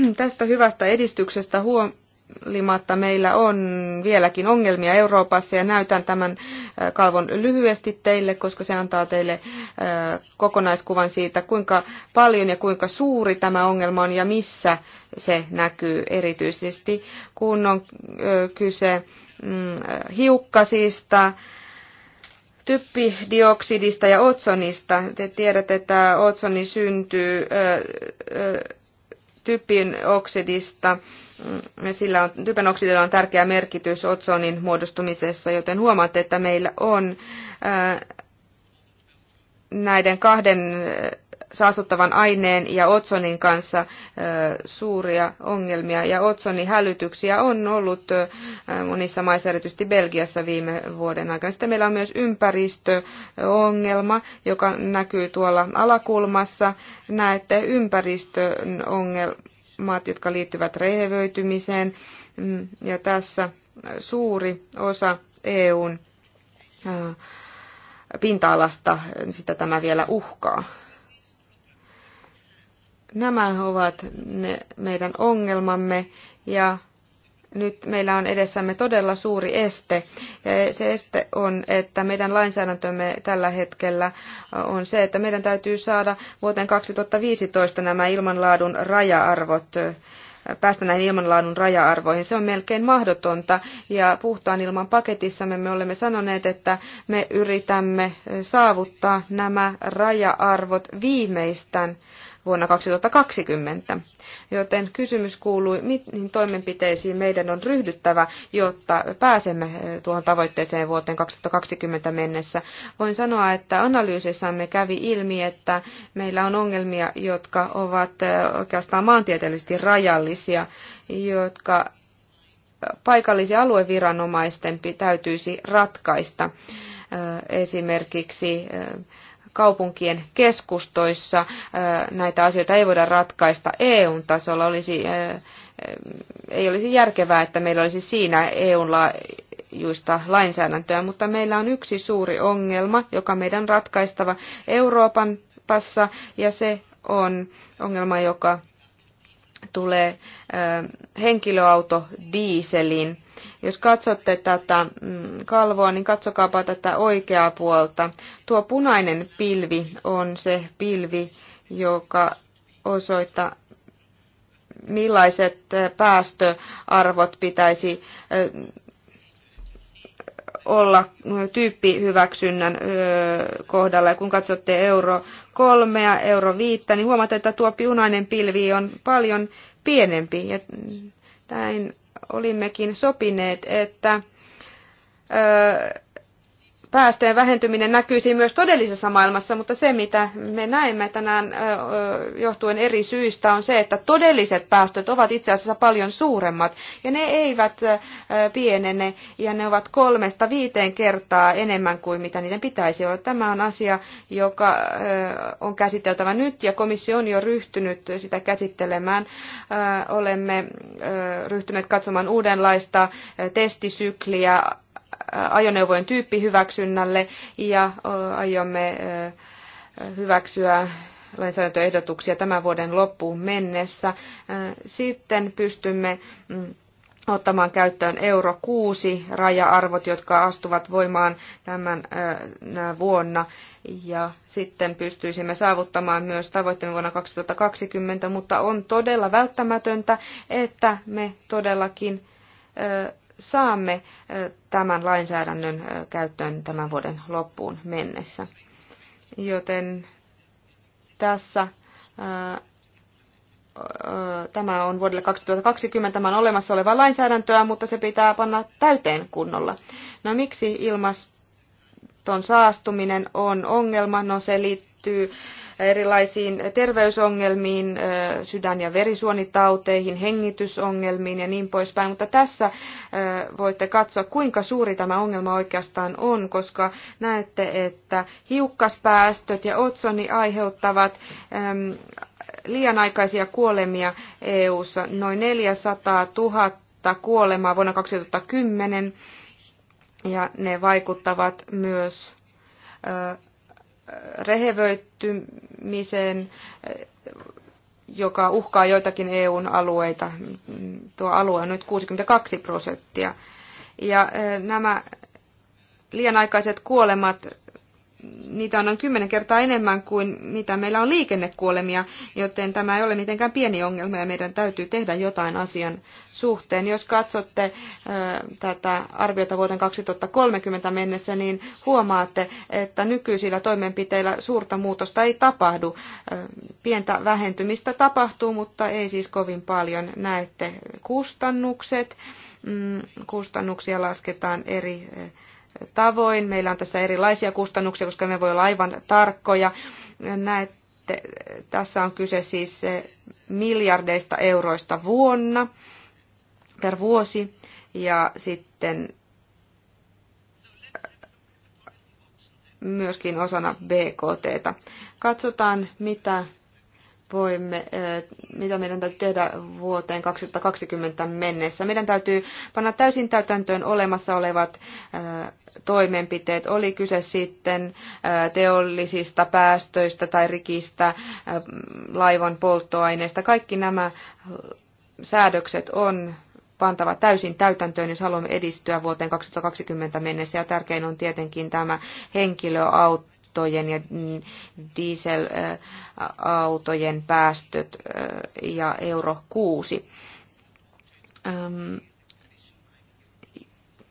[clears throat] tästä hyvästä edistyksestä huolimatta meillä on vieläkin ongelmia Euroopassa ja näytän tämän äh, kalvon lyhyesti teille, koska se antaa teille äh, kokonaiskuvan siitä, kuinka paljon ja kuinka suuri tämä ongelma on ja missä se näkyy erityisesti, kun on äh, kyse mm, hiukkasista, typpidioksidista ja otsonista. Te tiedätte, että otsoni syntyy typin oksidista. Mm, sillä on, typen oksidilla on tärkeä merkitys otsonin muodostumisessa, joten huomaatte, että meillä on näiden kahden saastuttavan aineen ja otsonin kanssa suuria ongelmia. Ja otsonin hälytyksiä on ollut monissa maissa, erityisesti Belgiassa viime vuoden aikana. Sitten meillä on myös ympäristöongelma, joka näkyy tuolla alakulmassa. Näette ympäristön ongelmat, jotka liittyvät rehevöitymiseen. Mm, ja tässä suuri osa EUn pinta-alasta, niin sitä tämä vielä uhkaa. Nämä ovat ne meidän ongelmamme ja nyt meillä on edessämme todella suuri este. Ja se este on, että meidän lainsäädäntömme tällä hetkellä on se, että meidän täytyy saada vuoteen 2015 nämä ilmanlaadun raja-arvot päästä näihin ilmanlaadun raja-arvoihin. Se on melkein mahdotonta ja puhtaan ilman paketissamme me olemme sanoneet, että me yritämme saavuttaa nämä raja-arvot viimeistään vuonna 2020. Joten kysymys kuului, mihin toimenpiteisiin meidän on ryhdyttävä, jotta pääsemme eh, tuohon tavoitteeseen vuoteen 2020 mennessä. Voin sanoa, että analyysissamme kävi ilmi, että meillä on ongelmia, jotka ovat eh, oikeastaan maantieteellisesti rajallisia, jotka eh, paikallisia alueviranomaisten täytyisi ratkaista esimerkiksi kaupunkien keskustoissa. Näitä asioita ei voida ratkaista EU-tasolla. Olisi, ei olisi järkevää, että meillä olisi siinä EUn juista lainsäädäntöä, mutta meillä on yksi suuri ongelma, joka meidän ratkaistava Euroopan passa, ja se on ongelma, joka tulee henkilöauto dieselin jos katsotte tätä mm, kalvoa, niin katsokaapa tätä oikeaa puolta. Tuo punainen pilvi on se pilvi, joka osoittaa, millaiset eh, päästöarvot pitäisi eh, olla eh, tyyppihyväksynnän kohdalla. Ja kun katsotte euro kolmea, euro viittä, niin huomaatte, että tuo punainen pilvi on paljon pienempi. Ja mm, näin olimmekin sopineet, että päästöjen vähentyminen näkyisi myös todellisessa maailmassa, mutta se mitä me näemme tänään johtuen eri syistä on se, että todelliset päästöt ovat itse asiassa paljon suuremmat ja ne eivät pienene ja ne ovat kolmesta viiteen kertaa enemmän kuin mitä niiden pitäisi olla. Tämä on asia, joka on käsiteltävä nyt ja komissio on jo ryhtynyt sitä käsittelemään. Olemme ryhtyneet katsomaan uudenlaista testisykliä ajoneuvojen tyyppihyväksynnälle ja aiomme hyväksyä lainsäädäntöehdotuksia tämän vuoden loppuun mennessä. Sitten pystymme mm, ottamaan käyttöön euro 6 raja-arvot, jotka astuvat voimaan tämän vuonna. Ja sitten pystyisimme saavuttamaan myös tavoitteemme vuonna 2020, mutta on todella välttämätöntä, että me todellakin saamme tämän lainsäädännön käyttöön tämän vuoden loppuun mennessä. Joten tässä tämä on vuodelle 2020, tämän olemassa olevaa lainsäädäntöä, mutta se pitää panna täyteen kunnolla. No miksi ilmaston saastuminen on ongelma? No se liittyy erilaisiin terveysongelmiin, sydän- ja verisuonitauteihin, hengitysongelmiin ja niin poispäin. Mutta tässä voitte katsoa, kuinka suuri tämä ongelma oikeastaan on, koska näette, että hiukkaspäästöt ja otsoni aiheuttavat liian aikaisia kuolemia EU:ssa noin 400 000 kuolemaa vuonna 2010 ja ne vaikuttavat myös rehevöitymiseen, joka uhkaa joitakin EUn alueita. Tuo alue on nyt 62 prosenttia. Ja eh, nämä liian aikaiset kuolemat niitä on noin kymmenen kertaa enemmän kuin mitä meillä on liikennekuolemia, joten tämä ei ole mitenkään pieni ongelma ja meidän täytyy tehdä jotain asian suhteen. Jos katsotte tätä arviota vuoteen 2030 mennessä, niin huomaatte, että nykyisillä toimenpiteillä suurta muutosta ei tapahdu. pientä vähentymistä tapahtuu, mutta ei siis kovin paljon. Näette kustannukset. Mm, kustannuksia lasketaan eri tavoin. Meillä on tässä erilaisia kustannuksia, koska me voi olla aivan tarkkoja. Näette, tässä on kyse siis eh, miljardeista euroista vuonna per vuosi ja sitten eh, myöskin osana BKT. Katsotaan, mitä voimme, mitä meidän täytyy tehdä vuoteen 2020 mennessä. Meidän täytyy panna täysin täytäntöön olemassa olevat toimenpiteet, oli kyse sitten teollisista päästöistä tai rikistä, laivan polttoaineista. Kaikki nämä säädökset on pantava täysin täytäntöön, jos haluamme edistyä vuoteen 2020 mennessä. Ja tärkein on tietenkin tämä henkilöauto autojen ja mm, dieselautojen päästöt ja euro 6.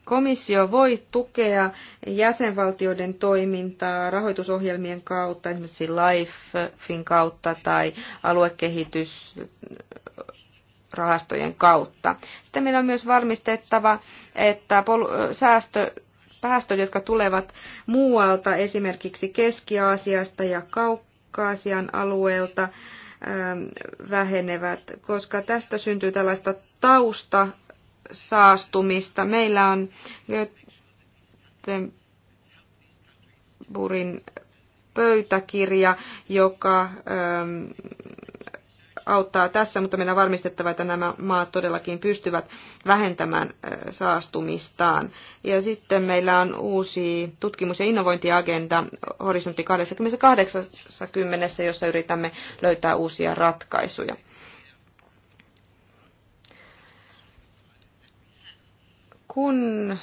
Komissio voi tukea jäsenvaltioiden toimintaa rahoitusohjelmien kautta, esimerkiksi LIFEin kautta tai aluekehitysrahastojen kautta. Sitten meillä on myös varmistettava, että säästö päästöt, jotka tulevat muualta, esimerkiksi Keski-Aasiasta ja Kaukkaasian alueelta, ähm, vähenevät, koska tästä syntyy tällaista tausta saastumista. Meillä on Göteborgin pöytäkirja, joka ähm, auttaa tässä, mutta meidän on varmistettava, että nämä maat todellakin pystyvät vähentämään saastumistaan. Ja sitten meillä on uusi tutkimus- ja innovointiagenda horisontti 2080, jossa yritämme löytää uusia ratkaisuja. Kun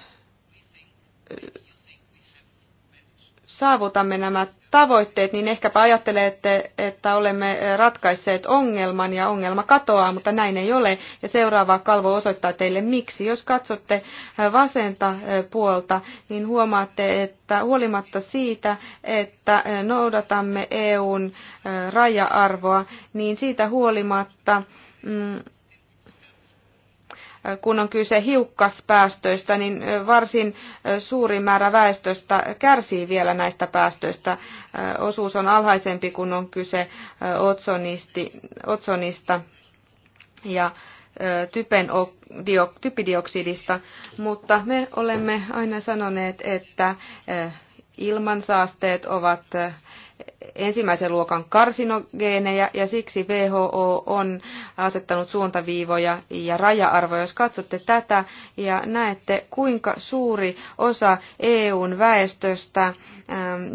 saavutamme nämä tavoitteet, niin ehkäpä ajattelette, että olemme ratkaisseet ongelman ja ongelma katoaa, mutta näin ei ole. Ja seuraava kalvo osoittaa teille miksi. Jos katsotte vasenta puolta, niin huomaatte, että huolimatta siitä, että noudatamme EUn raja-arvoa, niin siitä huolimatta mm, kun on kyse hiukkaspäästöistä, niin varsin suuri määrä väestöstä kärsii vielä näistä päästöistä. Osuus on alhaisempi, kun on kyse otsonista ja typidioksidista, mutta me olemme aina sanoneet, että ilmansaasteet ovat ensimmäisen luokan karsinogeeneja ja siksi WHO on asettanut suuntaviivoja ja raja-arvoja. Jos katsotte tätä ja näette, kuinka suuri osa EUn väestöstä ähm,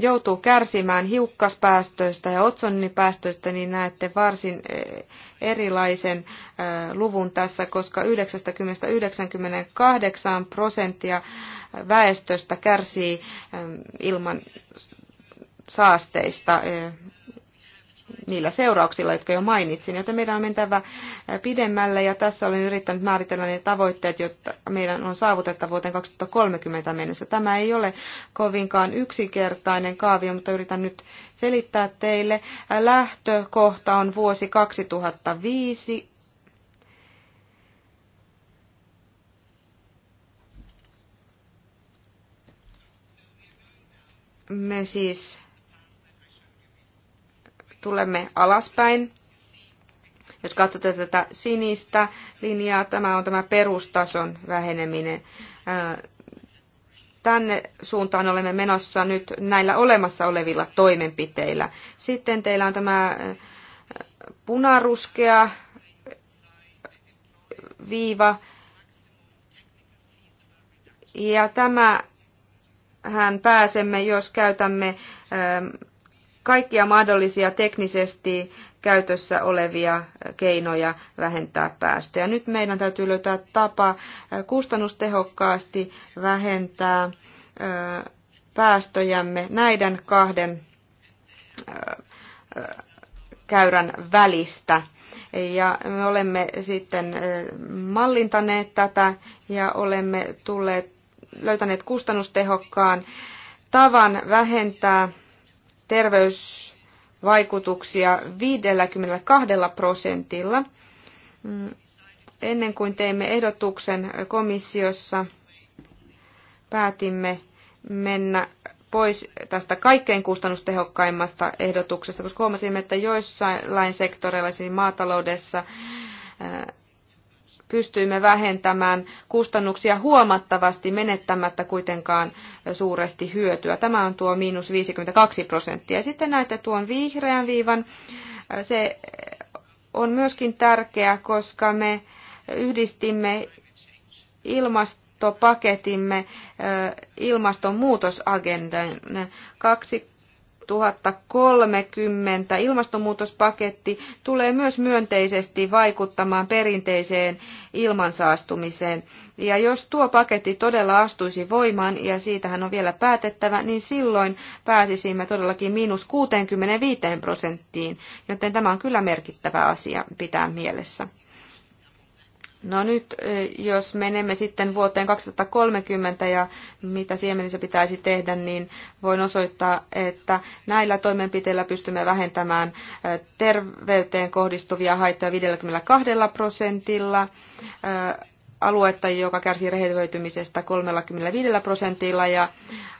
joutuu kärsimään hiukkaspäästöistä ja otsonipäästöistä, niin näette varsin äh, erilaisen äh, luvun tässä, koska 90-98 prosenttia äh, väestöstä kärsii ähm, ilman saasteista e, niillä seurauksilla, jotka jo mainitsin, joten meidän on mentävä e, pidemmälle ja tässä olen yrittänyt määritellä ne tavoitteet, jotka meidän on saavutettava vuoteen 2030 mennessä. Tämä ei ole kovinkaan yksinkertainen kaavio, mutta yritän nyt selittää teille. Lähtökohta on vuosi 2005, me siis tulemme alaspäin. Jos katsotte tätä sinistä linjaa, tämä on tämä perustason väheneminen. Äh, tänne suuntaan olemme menossa nyt näillä olemassa olevilla toimenpiteillä. Sitten teillä on tämä äh, punaruskea viiva. Ja tämä hän pääsemme, jos käytämme ähm, kaikkia mahdollisia teknisesti käytössä olevia keinoja vähentää päästöjä. Nyt meidän täytyy löytää tapa äh, kustannustehokkaasti vähentää äh, päästöjämme näiden kahden äh, käyrän välistä. Ja me olemme sitten mallintaneet tätä ja olemme tulleet, löytäneet kustannustehokkaan tavan vähentää terveysvaikutuksia 52 prosentilla. Mm, ennen kuin teimme ehdotuksen komissiossa, päätimme mennä pois tästä kaikkein kustannustehokkaimmasta ehdotuksesta, koska huomasimme, että joissain sektoreilla, siis maataloudessa, pystyimme vähentämään kustannuksia huomattavasti menettämättä kuitenkaan suuresti hyötyä. Tämä on tuo miinus 52 prosenttia. Sitten näette tuon vihreän viivan. Se on myöskin tärkeä, koska me yhdistimme ilmastopaketimme ilmastonmuutosagendan. Kaksi 2030 ilmastonmuutospaketti tulee myös myönteisesti vaikuttamaan perinteiseen ilmansaastumiseen. Ja jos tuo paketti todella astuisi voimaan, ja siitähän on vielä päätettävä, niin silloin pääsisimme todellakin miinus 65 prosenttiin, joten tämä on kyllä merkittävä asia pitää mielessä. No nyt, eh, jos menemme sitten vuoteen 2030 ja mitä siemenissä pitäisi tehdä, niin voin osoittaa, että näillä toimenpiteillä pystymme vähentämään eh, terveyteen kohdistuvia haittoja 52 prosentilla, eh, aluetta, joka kärsii rehevöitymisestä 35 prosentilla ja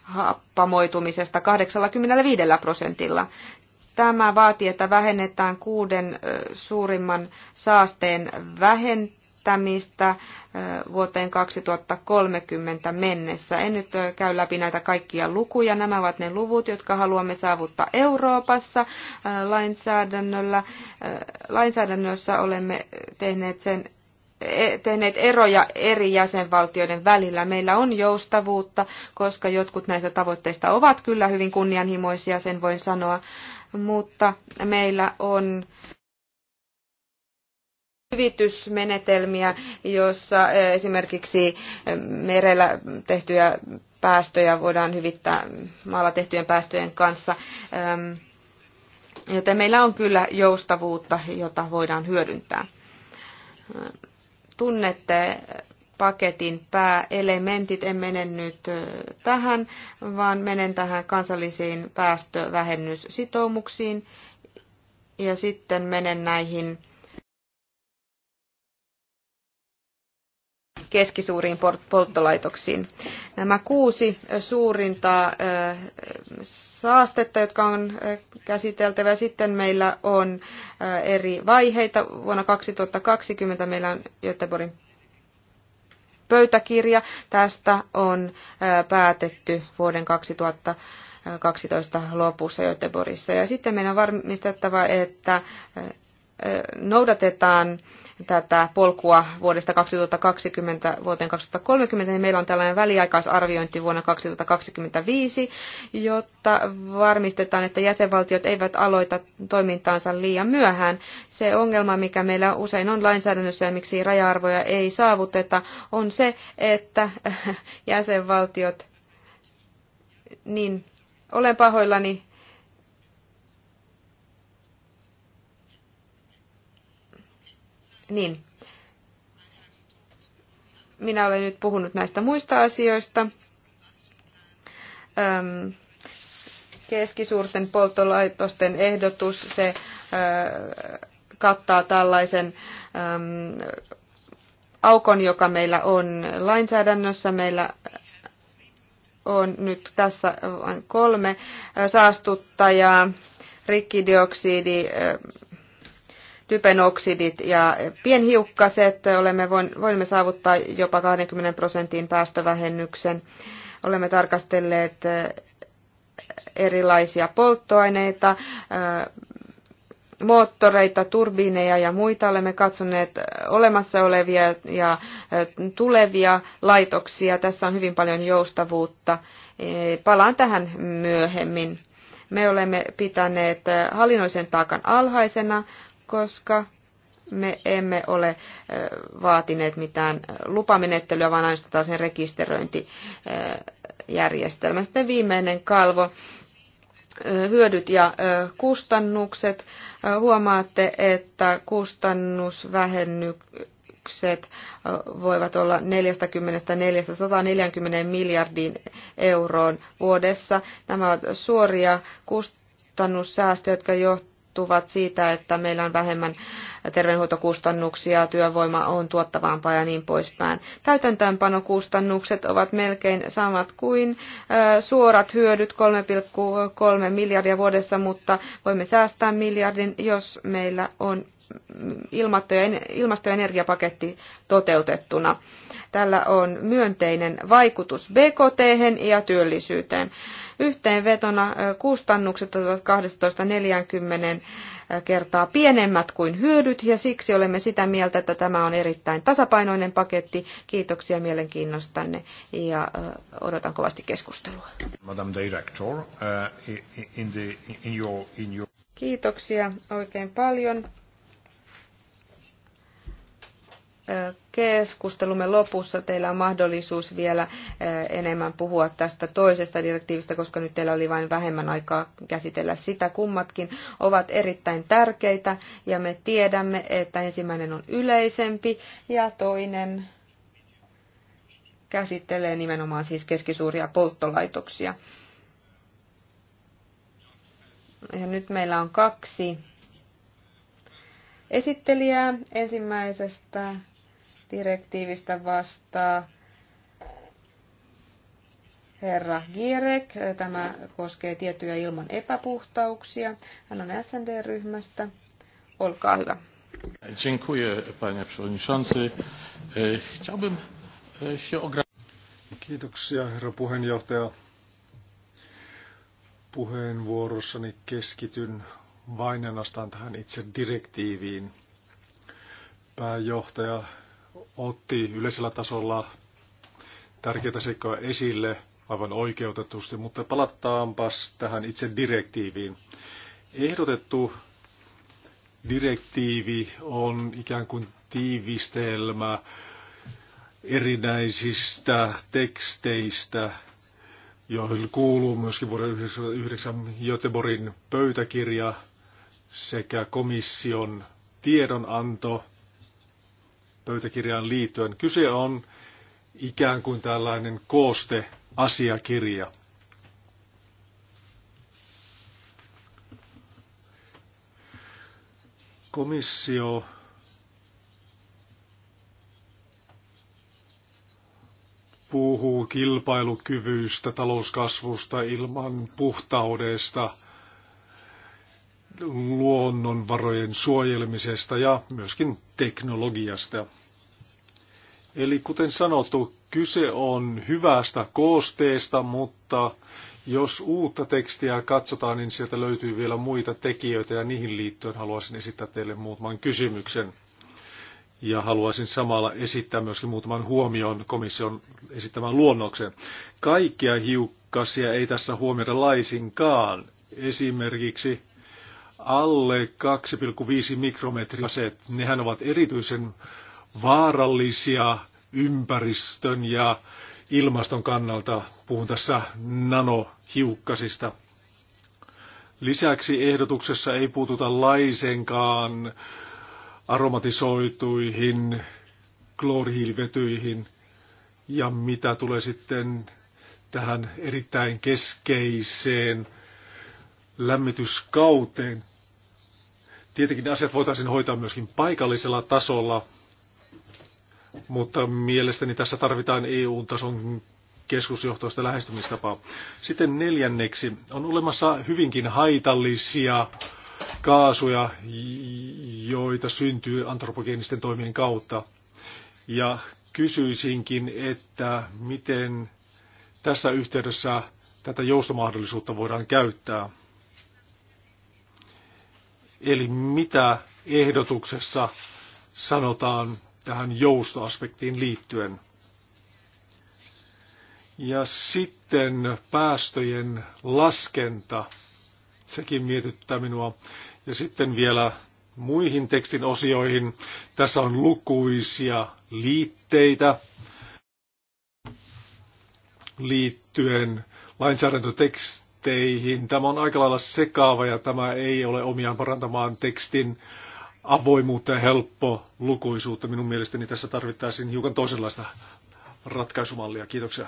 happamoitumisesta 85 prosentilla. Tämä vaatii, että vähennetään kuuden suurimman saasteen vähentämistä kehittämistä vuoteen 2030 mennessä. En nyt käy läpi näitä kaikkia lukuja. Nämä ovat ne luvut, jotka haluamme saavuttaa Euroopassa lainsäädännöllä. Lainsäädännössä olemme tehneet sen e, tehneet eroja eri jäsenvaltioiden välillä. Meillä on joustavuutta, koska jotkut näistä tavoitteista ovat kyllä hyvin kunnianhimoisia, sen voin sanoa, mutta meillä on hyvitysmenetelmiä, joissa eh, esimerkiksi eh, merellä tehtyjä päästöjä voidaan hyvittää maalla tehtyjen päästöjen kanssa. Ehm, joten meillä on kyllä joustavuutta, jota voidaan hyödyntää. Tunnette paketin pääelementit. En mene nyt eh, tähän, vaan menen tähän kansallisiin päästövähennyssitoumuksiin ja sitten menen näihin keskisuuriin polttolaitoksiin. Nämä kuusi suurinta saastetta, jotka on käsiteltävä, sitten meillä on eri vaiheita. Vuonna 2020 meillä on Göteborgin pöytäkirja. Tästä on päätetty vuoden 2000 12 lopussa Göteborgissa. Ja sitten meidän on varmistettava, että noudatetaan tätä polkua vuodesta 2020 vuoteen 2030, niin meillä on tällainen väliaikaisarviointi vuonna 2025, jotta varmistetaan, että jäsenvaltiot eivät aloita toimintaansa liian myöhään. Se ongelma, mikä meillä usein on lainsäädännössä ja miksi raja-arvoja ei saavuteta, on se, että [laughs] jäsenvaltiot, niin olen pahoillani, Niin. Minä olen nyt puhunut näistä muista asioista. Öm, keskisuurten polttolaitosten ehdotus, se ö, kattaa tällaisen ö, aukon, joka meillä on lainsäädännössä. Meillä on nyt tässä vain kolme saastuttajaa, rikkidioksidi, typenoksidit ja pienhiukkaset. Olemme voimme saavuttaa jopa 20 prosentin päästövähennyksen. Olemme tarkastelleet äh, erilaisia polttoaineita, äh, moottoreita, turbiineja ja muita. Olemme katsoneet äh, olemassa olevia ja tulevia laitoksia. Tässä on hyvin paljon joustavuutta. Palaan tähän myöhemmin. Me olemme pitäneet hallinnollisen taakan alhaisena, koska me emme ole vaatineet mitään lupamenettelyä, vaan ainoastaan sen rekisteröintijärjestelmä. Sitten viimeinen kalvo, hyödyt ja kustannukset. Huomaatte, että kustannusvähennykset voivat olla 40-140 miljardin euroon vuodessa. Nämä ovat suoria kustannussäästöjä, jotka johtavat johtuvat siitä, että meillä on vähemmän terveydenhuoltokustannuksia, työvoima on tuottavampaa ja niin poispäin. Täytäntöönpanokustannukset ovat melkein samat kuin suorat hyödyt 3,3 miljardia vuodessa, mutta voimme säästää miljardin, jos meillä on ilmasto- ja energiapaketti toteutettuna. Tällä on myönteinen vaikutus BKT ja työllisyyteen. Yhteenvetona kustannukset ovat 12 kertaa pienemmät kuin hyödyt ja siksi olemme sitä mieltä, että tämä on erittäin tasapainoinen paketti. Kiitoksia mielenkiinnostanne ja odotan kovasti keskustelua. Madam Director, uh, in the, in your, in your... Kiitoksia oikein paljon keskustelumme lopussa teillä on mahdollisuus vielä enemmän puhua tästä toisesta direktiivistä, koska nyt teillä oli vain vähemmän aikaa käsitellä sitä. Kummatkin ovat erittäin tärkeitä ja me tiedämme, että ensimmäinen on yleisempi ja toinen käsittelee nimenomaan siis keskisuuria polttolaitoksia. Ja nyt meillä on kaksi esittelijää ensimmäisestä direktiivistä vastaa herra Gierek. Tämä koskee tiettyjä ilman epäpuhtauksia. Hän on SND-ryhmästä. Olkaa hyvä. Dziękuję, przewodniczący. Chciałbym e, się Kiitoksia, herra puheenjohtaja. Puheenvuorossani keskityn vain ainoastaan tähän itse direktiiviin. Pääjohtaja otti yleisellä tasolla tärkeitä seikkoja esille aivan oikeutetusti, mutta palataanpas tähän itse direktiiviin. Ehdotettu direktiivi on ikään kuin tiivistelmä erinäisistä teksteistä, joihin kuuluu myöskin vuoden 1999 Göteborgin pöytäkirja sekä komission tiedonanto pöytäkirjaan liittyen. Kyse on ikään kuin tällainen kooste asiakirja. Komissio puhuu kilpailukyvystä, talouskasvusta, ilman puhtaudesta – luonnonvarojen suojelemisesta ja myöskin teknologiasta. Eli kuten sanottu, kyse on hyvästä koosteesta, mutta jos uutta tekstiä katsotaan, niin sieltä löytyy vielä muita tekijöitä ja niihin liittyen haluaisin esittää teille muutaman kysymyksen. Ja haluaisin samalla esittää myöskin muutaman huomion komission esittämään luonnokseen. Kaikkia hiukkasia ei tässä huomioida laisinkaan. Esimerkiksi alle 2,5 mikrometriaset, nehän ovat erityisen vaarallisia ympäristön ja ilmaston kannalta. Puhun tässä nanohiukkasista. Lisäksi ehdotuksessa ei puututa laisenkaan aromatisoituihin kloorihiilivetyihin. Ja mitä tulee sitten tähän erittäin keskeiseen lämmityskauteen, Tietenkin asiat voitaisiin hoitaa myöskin paikallisella tasolla, mutta mielestäni tässä tarvitaan EU-tason keskusjohtoista lähestymistapaa. Sitten neljänneksi on olemassa hyvinkin haitallisia kaasuja, joita syntyy antropogeenisten toimien kautta. Ja kysyisinkin, että miten tässä yhteydessä tätä joustomahdollisuutta voidaan käyttää. Eli mitä ehdotuksessa sanotaan tähän joustoaspektiin liittyen. Ja sitten päästöjen laskenta, sekin mietittää minua. Ja sitten vielä muihin tekstin osioihin. Tässä on lukuisia liitteitä liittyen lainsäädäntötekstiin kommentteihin. Tämä on aika lailla sekaava ja tämä ei ole omiaan parantamaan tekstin avoimuutta ja helppo lukuisuutta. Minun mielestäni tässä tarvittaisiin hiukan toisenlaista ratkaisumallia. Kiitoksia.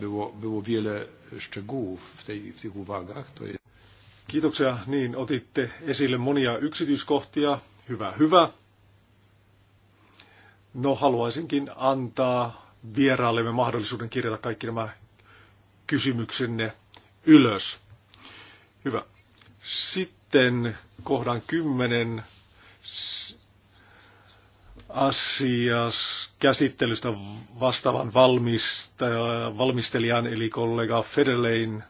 Było, było wiele szczegółów w, tej, w tych uwagach. To jest... Kiitoksia. Niin, otitte esille monia yksityiskohtia. Hyvä, hyvä. No haluaisinkin antaa vieraillemme mahdollisuuden kirjata kaikki nämä kysymyksenne ylös. Hyvä. Sitten kohdan kymmenen asias käsittelystä vastaavan valmistelijan eli kollega Federlein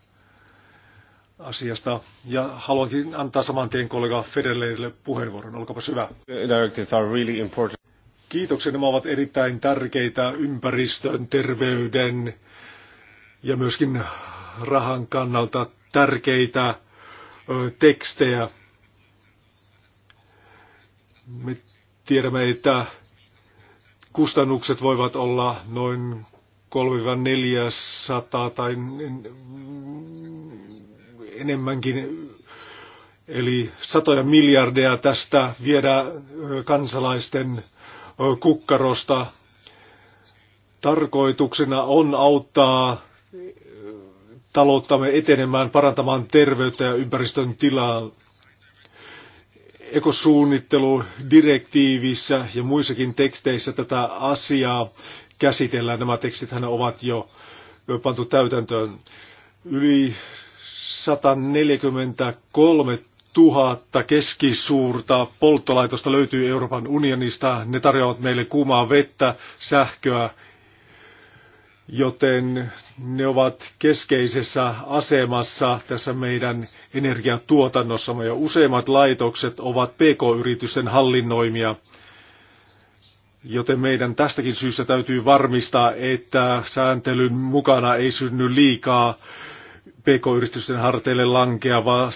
asiasta. Ja haluankin antaa saman tien kollega Federleille puheenvuoron. Olkaapa hyvä. Kiitoksia, nämä ovat erittäin tärkeitä ympäristön, terveyden ja myöskin rahan kannalta tärkeitä tekstejä. Me tiedämme, että kustannukset voivat olla noin 3-400 tai enemmänkin, eli satoja miljardeja tästä viedä kansalaisten kukkarosta. Tarkoituksena on auttaa talouttamme etenemään, parantamaan terveyttä ja ympäristön tilaa. Ekosuunnittelu direktiivissä ja muissakin teksteissä tätä asiaa käsitellään. Nämä tekstit ovat jo pantu täytäntöön. Yli 143 tuhatta keskisuurta polttolaitosta löytyy Euroopan unionista. Ne tarjoavat meille kuumaa vettä, sähköä, joten ne ovat keskeisessä asemassa tässä meidän energiatuotannossamme ja useimmat laitokset ovat pk-yritysten hallinnoimia. Joten meidän tästäkin syystä täytyy varmistaa, että sääntelyn mukana ei synny liikaa pk-yritysten harteille lankeavaa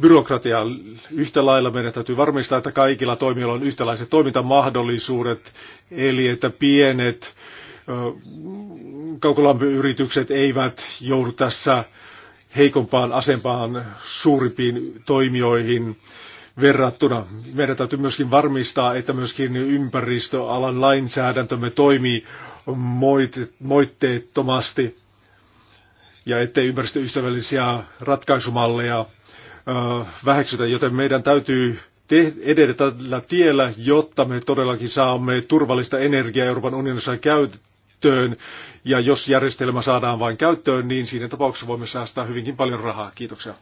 byrokratiaa yhtä lailla. Meidän täytyy varmistaa, että kaikilla toimijoilla on yhtäläiset toimintamahdollisuudet, eli että pienet kaukolämpöyritykset eivät joudu tässä heikompaan asempaan suurimpiin toimijoihin verrattuna. Meidän täytyy myöskin varmistaa, että myöskin ympäristöalan lainsäädäntömme toimii moitteettomasti ja ettei ympäristöystävällisiä ratkaisumalleja Äh, väheksytä, joten meidän täytyy edetä tällä tiellä, jotta me todellakin saamme turvallista energiaa Euroopan unionissa käyttöön. Ja jos järjestelmä saadaan vain käyttöön, niin siinä tapauksessa voimme säästää hyvinkin paljon rahaa. Kiitoksia.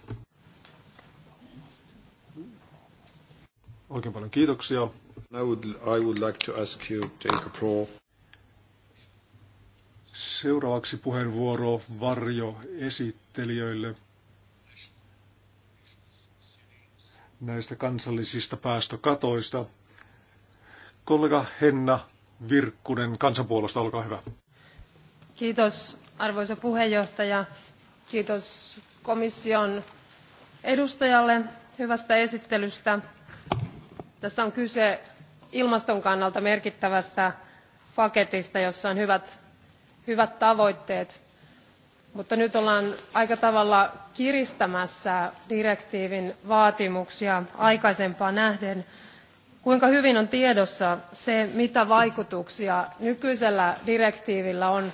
Oikein paljon kiitoksia. I would, I would like to ask you take a Seuraavaksi puheenvuoro varjo esittelijöille. näistä kansallisista päästökatoista. Kollega Henna Virkkunen kansanpuolesta, olkaa hyvä. Kiitos arvoisa puheenjohtaja. Kiitos komission edustajalle hyvästä esittelystä. Tässä on kyse ilmaston kannalta merkittävästä paketista, jossa on hyvät, hyvät tavoitteet mutta nyt ollaan aika tavalla kiristämässä direktiivin vaatimuksia aikaisempaan nähden. kuinka hyvin on tiedossa se mitä vaikutuksia nykyisellä direktiivillä on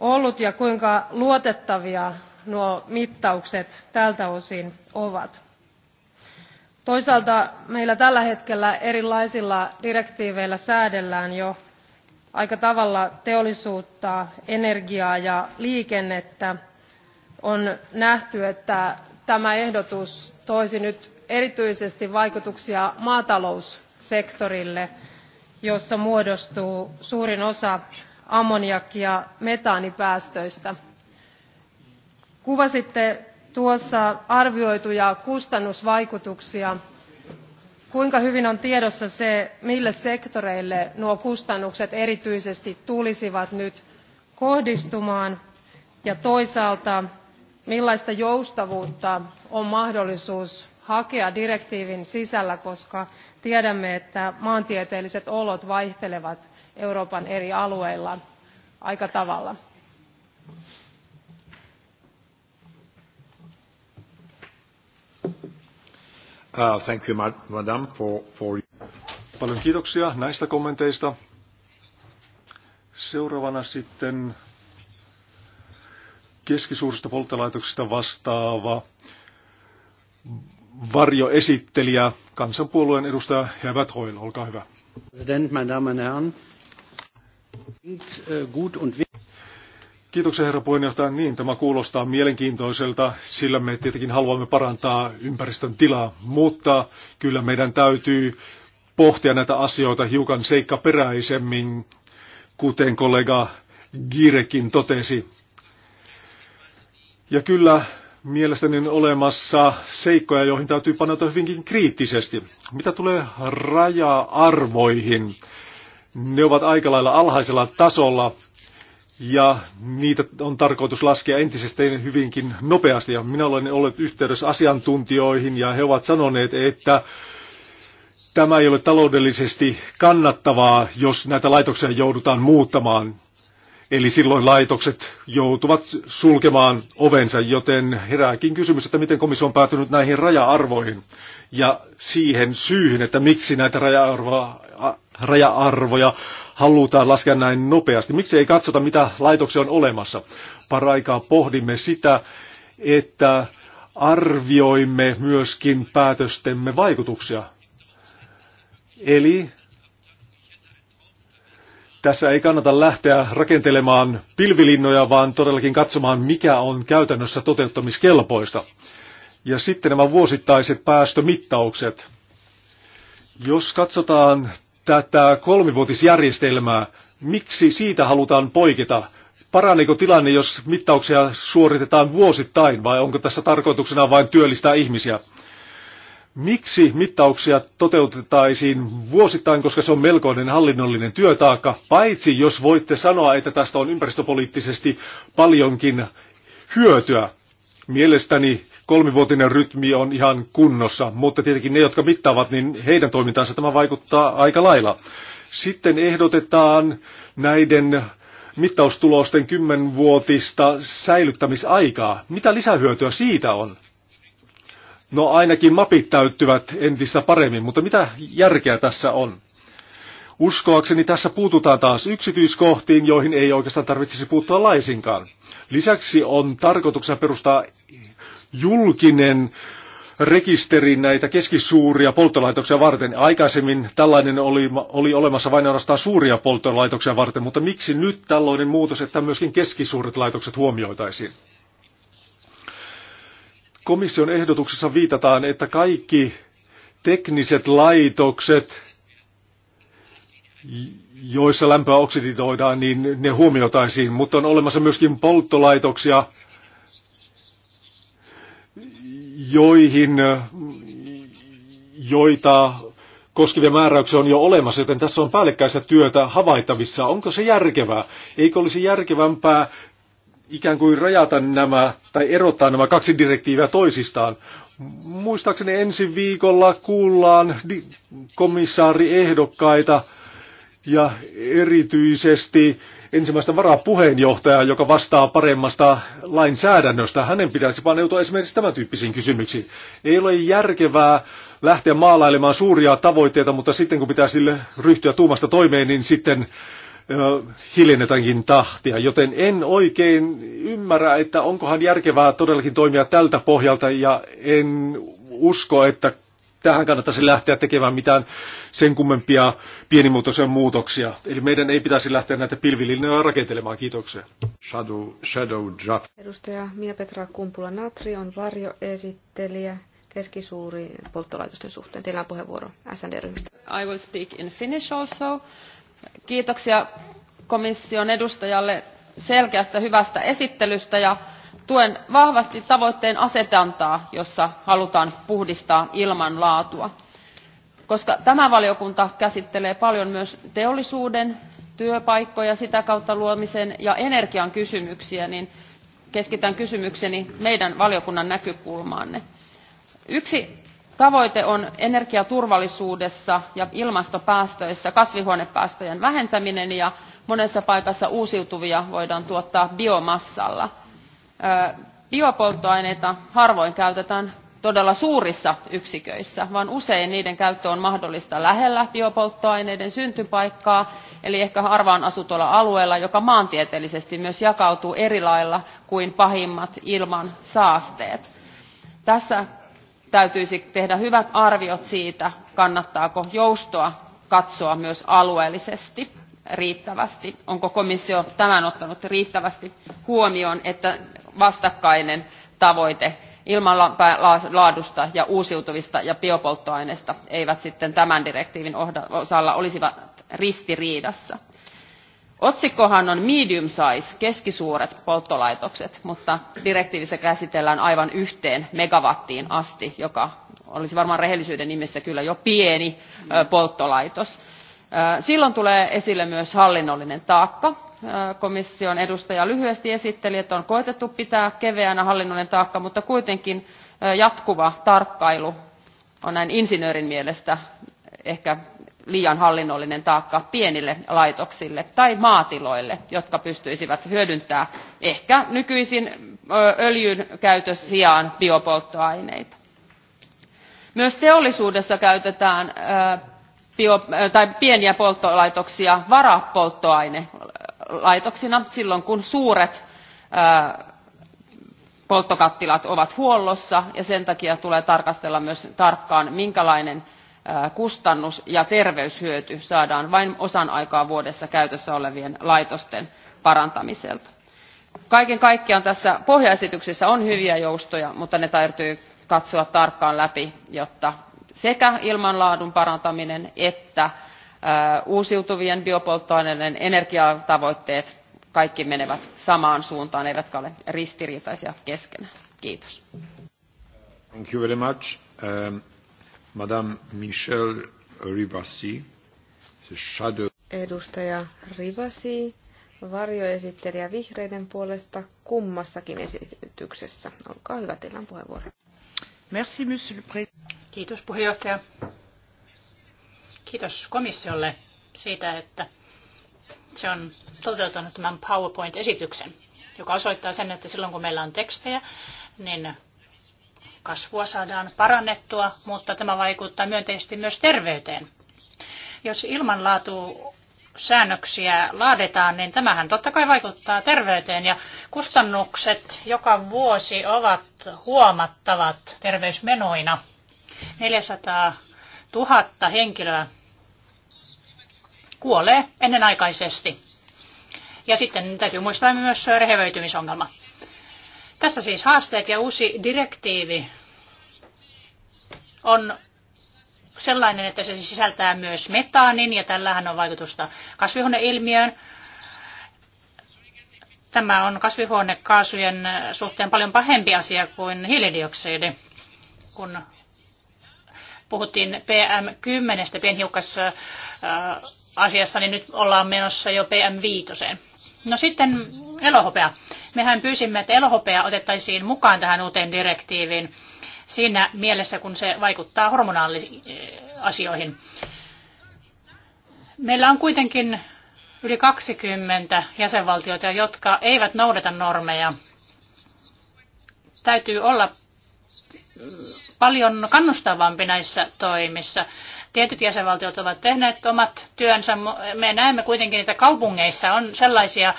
ollut ja kuinka luotettavia nuo mittaukset tältä osin ovat? toisaalta meillä tällä hetkellä erilaisilla direktiiveillä säädellään jo aika tavalla teollisuutta, energiaa ja liikennettä, on nähty, että tämä ehdotus toisi nyt erityisesti vaikutuksia maataloussektorille, jossa muodostuu suurin osa ammoniakki- ja metaanipäästöistä. Kuvasitte tuossa arvioituja kustannusvaikutuksia kuinka hyvin on tiedossa se mille sektoreille nuo kustannukset erityisesti tulisivat nyt kohdistumaan ja toisaalta millaista joustavuutta on mahdollisuus hakea direktiivin sisällä koska tiedämme että maantieteelliset olot vaihtelevat euroopan eri alueilla aika tavalla. Uh, thank you, madam, for, for... Paljon kiitoksia näistä kommenteista. Seuraavana sitten keskisuurista polttolaitoksista vastaava varjoesittelijä, kansanpuolueen edustaja Herbert Hoyle, olkaa hyvä. President, meine Damen und Herren, gut äh, und Kiitoksia herra puheenjohtaja. Niin, tämä kuulostaa mielenkiintoiselta, sillä me tietenkin haluamme parantaa ympäristön tilaa, mutta kyllä meidän täytyy pohtia näitä asioita hiukan seikkaperäisemmin, kuten kollega Girekin totesi. Ja kyllä mielestäni on olemassa seikkoja, joihin täytyy panota hyvinkin kriittisesti. Mitä tulee raja-arvoihin? Ne ovat aika lailla alhaisella tasolla ja niitä on tarkoitus laskea entisestään hyvinkin nopeasti. Ja minä olen ollut yhteydessä asiantuntijoihin ja he ovat sanoneet, että tämä ei ole taloudellisesti kannattavaa, jos näitä laitoksia joudutaan muuttamaan. Eli silloin laitokset joutuvat sulkemaan ovensa, joten herääkin kysymys, että miten komissio on päätynyt näihin raja-arvoihin ja siihen syyhyn, että miksi näitä raja-arvoja, raja-arvoja halutaan laskea näin nopeasti. Miksi ei katsota, mitä laitoksia on olemassa? Paraikaa pohdimme sitä, että arvioimme myöskin päätöstemme vaikutuksia. Eli tässä ei kannata lähteä rakentelemaan pilvilinnoja, vaan todellakin katsomaan, mikä on käytännössä toteuttamiskelpoista. Ja sitten nämä vuosittaiset päästömittaukset. Jos katsotaan tätä kolmivuotisjärjestelmää. Miksi siitä halutaan poiketa? Paraneeko tilanne, jos mittauksia suoritetaan vuosittain, vai onko tässä tarkoituksena vain työllistää ihmisiä? Miksi mittauksia toteutettaisiin vuosittain, koska se on melkoinen hallinnollinen työtaakka, paitsi jos voitte sanoa, että tästä on ympäristöpoliittisesti paljonkin hyötyä. Mielestäni kolmivuotinen rytmi on ihan kunnossa, mutta tietenkin ne, jotka mittaavat, niin heidän toimintaansa tämä vaikuttaa aika lailla. Sitten ehdotetaan näiden mittaustulosten kymmenvuotista säilyttämisaikaa. Mitä lisähyötyä siitä on? No ainakin mapit täyttyvät entistä paremmin, mutta mitä järkeä tässä on? Uskoakseni tässä puututaan taas yksityiskohtiin, joihin ei oikeastaan tarvitsisi puuttua laisinkaan. Lisäksi on tarkoituksena perustaa julkinen rekisteri näitä keskisuuria polttolaitoksia varten. Aikaisemmin tällainen oli, oli olemassa vain ainoastaan suuria polttolaitoksia varten, mutta miksi nyt tällainen muutos, että myöskin keskisuuret laitokset huomioitaisiin? Komission ehdotuksessa viitataan, että kaikki tekniset laitokset, joissa lämpöä oksiditoidaan, niin ne huomioitaisiin, mutta on olemassa myöskin polttolaitoksia, joihin, joita koskevia määräyksiä on jo olemassa, joten tässä on päällekkäistä työtä havaittavissa. Onko se järkevää? Eikö olisi järkevämpää ikään kuin rajata nämä tai erottaa nämä kaksi direktiiviä toisistaan? Muistaakseni ensi viikolla kuullaan komissaariehdokkaita ehdokkaita ja erityisesti ensimmäistä varapuheenjohtajaa, joka vastaa paremmasta lainsäädännöstä. Hänen pitäisi paneutua esimerkiksi tämän tyyppisiin kysymyksiin. Ei ole järkevää lähteä maalailemaan suuria tavoitteita, mutta sitten kun pitää sille ryhtyä tuumasta toimeen, niin sitten hiljennetäänkin tahtia, joten en oikein ymmärrä, että onkohan järkevää todellakin toimia tältä pohjalta ja en usko, että tähän kannattaisi lähteä tekemään mitään sen kummempia pienimuotoisia muutoksia. Eli meidän ei pitäisi lähteä näitä pilvilinjoja rakentelemaan. Kiitoksia. Shadow, shadow draft. Edustaja Mia Petra Kumpula-Natri on varjoesittelijä keskisuuri polttolaitosten suhteen. Teillä on puheenvuoro SND-ryhmistä. I will speak in Finnish also. Kiitoksia komission edustajalle selkeästä hyvästä esittelystä ja tuen vahvasti tavoitteen asetantaa jossa halutaan puhdistaa ilmanlaatua koska tämä valiokunta käsittelee paljon myös teollisuuden työpaikkoja sitä kautta luomisen ja energian kysymyksiä niin keskitän kysymykseni meidän valiokunnan näkökulmaanne. yksi tavoite on energiaturvallisuudessa ja ilmastopäästöissä kasvihuonepäästöjen vähentäminen ja monessa paikassa uusiutuvia voidaan tuottaa biomassalla biopolttoaineita harvoin käytetään todella suurissa yksiköissä vaan usein niiden käyttö on mahdollista lähellä biopolttoaineiden syntypaikkaa eli ehkä harvaan asutulla alueella joka maantieteellisesti myös jakautuu eri lailla kuin pahimmat ilman saasteet. Tässä täytyisi tehdä hyvät arviot siitä, kannattaako joustoa katsoa myös alueellisesti riittävästi. Onko komissio tämän ottanut riittävästi huomioon, että vastakkainen tavoite ilmanlaadusta ja uusiutuvista ja biopolttoaineista eivät sitten tämän direktiivin osalla olisivat ristiriidassa. Otsikkohan on medium size, keskisuuret polttolaitokset, mutta direktiivissä käsitellään aivan yhteen megawattiin asti, joka olisi varmaan rehellisyyden nimessä kyllä jo pieni polttolaitos. Silloin tulee esille myös hallinnollinen taakka, komission edustaja lyhyesti esitteli, että on koetettu pitää keveänä hallinnollinen taakka, mutta kuitenkin jatkuva tarkkailu on näin insinöörin mielestä ehkä liian hallinnollinen taakka pienille laitoksille tai maatiloille, jotka pystyisivät hyödyntämään ehkä nykyisin öljyn käytös sijaan biopolttoaineita. Myös teollisuudessa käytetään bio, tai pieniä polttolaitoksia varapolttoaine laitoksina silloin, kun suuret polttokattilat ovat huollossa ja sen takia tulee tarkastella myös tarkkaan, minkälainen kustannus ja terveyshyöty saadaan vain osan aikaa vuodessa käytössä olevien laitosten parantamiselta. Kaiken kaikkiaan tässä pohjaesityksessä on hyviä joustoja, mutta ne täytyy katsoa tarkkaan läpi, jotta sekä ilmanlaadun parantaminen että uusiutuvien biopolttoaineiden energiatavoitteet kaikki menevät samaan suuntaan eivätkä ole ristiriitaisia keskenään. Kiitos. Thank you very much. Um, Madame Michelle Rivasi, the shadow. Edustaja Rivasi, varjoesittelijä vihreiden puolesta kummassakin esityksessä. Olkaa hyvä, teillä on puheenvuoro. Merci, monsieur le Kiitos puheenjohtaja. Kiitos komissiolle siitä, että se on toteuttanut tämän PowerPoint-esityksen, joka osoittaa sen, että silloin kun meillä on tekstejä, niin kasvua saadaan parannettua, mutta tämä vaikuttaa myönteisesti myös terveyteen. Jos ilmanlaatu säännöksiä laadetaan, niin tämähän totta kai vaikuttaa terveyteen ja kustannukset joka vuosi ovat huomattavat terveysmenoina. 400 000 henkilöä kuolee ennenaikaisesti. Ja sitten täytyy muistaa myös rehevöitymisongelma. Tässä siis haasteet ja uusi direktiivi on sellainen, että se sisältää myös metaanin ja tällähän on vaikutusta kasvihuoneilmiöön. Tämä on kasvihuonekaasujen suhteen paljon pahempi asia kuin hiilidioksidi, kun puhuttiin PM10, pienhiukkas äh, asiassa, niin nyt ollaan menossa jo PM5. No sitten elohopea. Mehän pyysimme, että elohopea otettaisiin mukaan tähän uuteen direktiiviin siinä mielessä, kun se vaikuttaa hormonaaliasioihin. Meillä on kuitenkin yli 20 jäsenvaltiota, jotka eivät noudata normeja. Täytyy olla paljon kannustavampi näissä toimissa. Tietyt jäsenvaltiot ovat tehneet omat työnsä. Me näemme kuitenkin, että kaupungeissa on sellaisia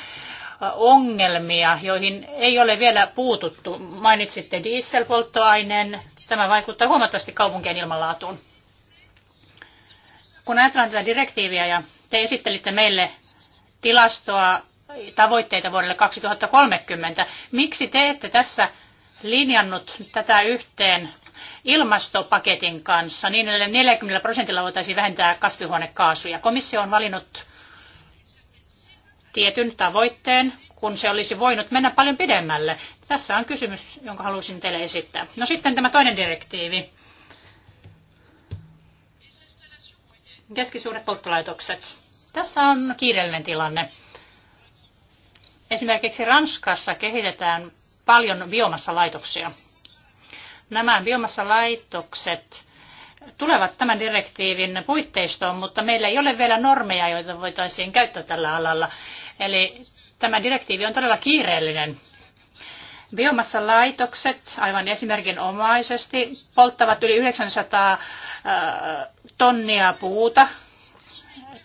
ongelmia, joihin ei ole vielä puututtu. Mainitsitte dieselpolttoaineen. Tämä vaikuttaa huomattavasti kaupunkien ilmanlaatuun. Kun ajatellaan tätä direktiiviä ja te esittelitte meille tilastoa tavoitteita vuodelle 2030, miksi te ette tässä linjannut tätä yhteen ilmastopaketin kanssa, niin edelleen 40 prosentilla voitaisiin vähentää kasvihuonekaasuja. Komissio on valinnut tietyn tavoitteen, kun se olisi voinut mennä paljon pidemmälle. Tässä on kysymys, jonka halusin teille esittää. No sitten tämä toinen direktiivi. Keskisuuret polttolaitokset. Tässä on kiireellinen tilanne. Esimerkiksi Ranskassa kehitetään paljon biomassalaitoksia. Nämä biomassalaitokset tulevat tämän direktiivin puitteistoon, mutta meillä ei ole vielä normeja, joita voitaisiin käyttää tällä alalla. Eli tämä direktiivi on todella kiireellinen. Biomassalaitokset aivan esimerkinomaisesti polttavat yli 900 äh, tonnia puuta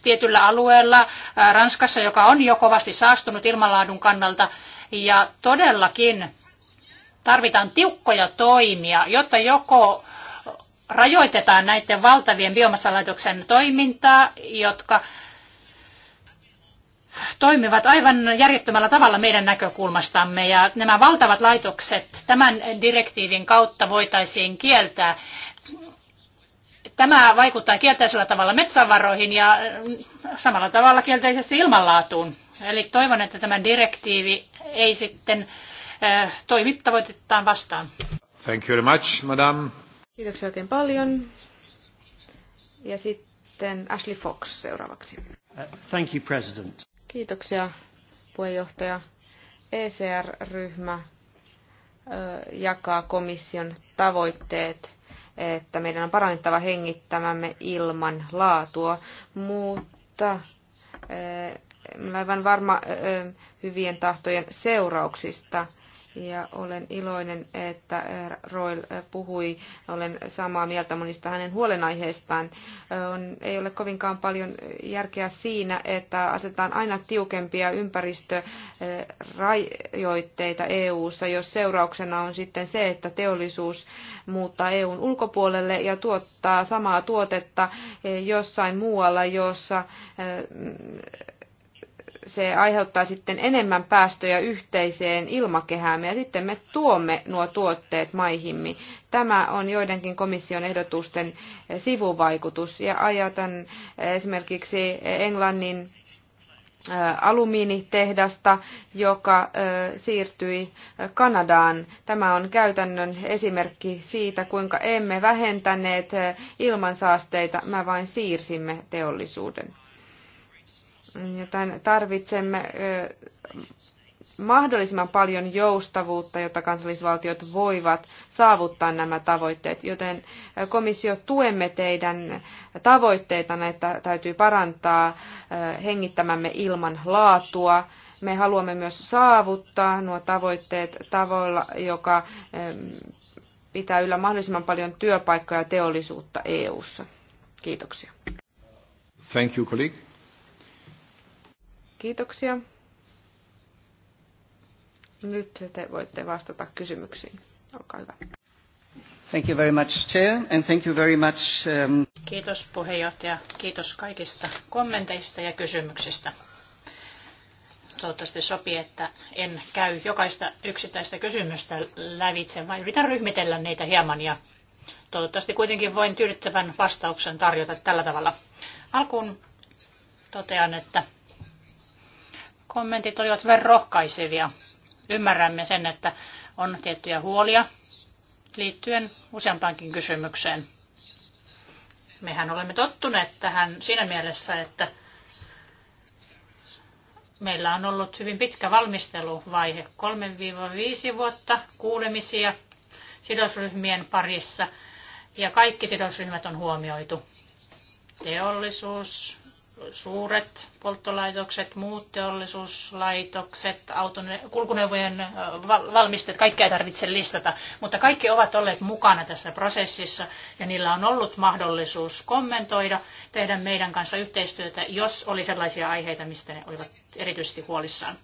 tietyllä alueella äh, Ranskassa, joka on jo kovasti saastunut ilmanlaadun kannalta. Ja todellakin Tarvitaan tiukkoja toimia, jotta joko rajoitetaan näiden valtavien biomassalaitoksen toimintaa, jotka toimivat aivan järjettömällä tavalla meidän näkökulmastamme ja nämä valtavat laitokset tämän direktiivin kautta voitaisiin kieltää. Tämä vaikuttaa kielteisellä tavalla metsävaroihin ja samalla tavalla kielteisesti ilmanlaatuun. Eli toivon, että tämä direktiivi ei sitten Äh, toimi tavoitettaan vastaan. Thank you very much, madam. Kiitoksia oikein paljon. Ja sitten Ashley Fox seuraavaksi. Uh, thank you, President. Kiitoksia, puheenjohtaja. ECR-ryhmä jakaa komission tavoitteet, että meidän on parannettava hengittämämme ilman laatua, mutta olen aivan varma hyvien tahtojen seurauksista – ja olen iloinen, että Roil puhui. Olen samaa mieltä monista hänen huolenaiheistaan. On, ei ole kovinkaan paljon järkeä siinä, että asetetaan aina tiukempia ympäristörajoitteita EU-ssa, jos seurauksena on sitten se, että teollisuus muuttaa EUn ulkopuolelle ja tuottaa samaa tuotetta jossain muualla, jossa se aiheuttaa sitten enemmän päästöjä yhteiseen ilmakehäämme ja sitten me tuomme nuo tuotteet maihimme. Tämä on joidenkin komission ehdotusten sivuvaikutus ja ajatan eh, esimerkiksi Englannin eh, alumiinitehdasta, joka eh, siirtyi Kanadaan. Tämä on käytännön esimerkki siitä, kuinka emme vähentäneet ilmansaasteita, mä vain siirsimme teollisuuden. Joten tarvitsemme mahdollisimman paljon joustavuutta, jotta kansallisvaltiot voivat saavuttaa nämä tavoitteet. Joten komissio, tuemme teidän tavoitteita, että täytyy parantaa hengittämämme ilman laatua. Me haluamme myös saavuttaa nuo tavoitteet tavoilla, joka pitää yllä mahdollisimman paljon työpaikkoja ja teollisuutta EU:ssa. Kiitoksia. Thank you, colleague. Kiitoksia. Nyt te voitte vastata kysymyksiin. Olkaa hyvä. Thank you very much, Chair, and thank you very much. Um... Kiitos puheenjohtaja. Kiitos kaikista kommenteista ja kysymyksistä. Toivottavasti sopii, että en käy jokaista yksittäistä kysymystä lävitse, vaan yritän ryhmitellä niitä hieman ja toivottavasti kuitenkin voin tyydyttävän vastauksen tarjota tällä tavalla. Alkuun totean, että kommentit olivat vähän rohkaisevia. Ymmärrämme sen, että on tiettyjä huolia liittyen useampaankin kysymykseen. Mehän olemme tottuneet tähän siinä mielessä, että meillä on ollut hyvin pitkä valmisteluvaihe, 3-5 vuotta kuulemisia sidosryhmien parissa, ja kaikki sidosryhmät on huomioitu. Teollisuus, suuret polttolaitokset, muut teollisuuslaitokset, auton, kulkuneuvojen valmistajat, kaikkea ei tarvitse listata, mutta kaikki ovat olleet mukana tässä prosessissa ja niillä on ollut mahdollisuus kommentoida, tehdä meidän kanssa yhteistyötä, jos oli sellaisia aiheita, mistä ne olivat erityisesti huolissaan.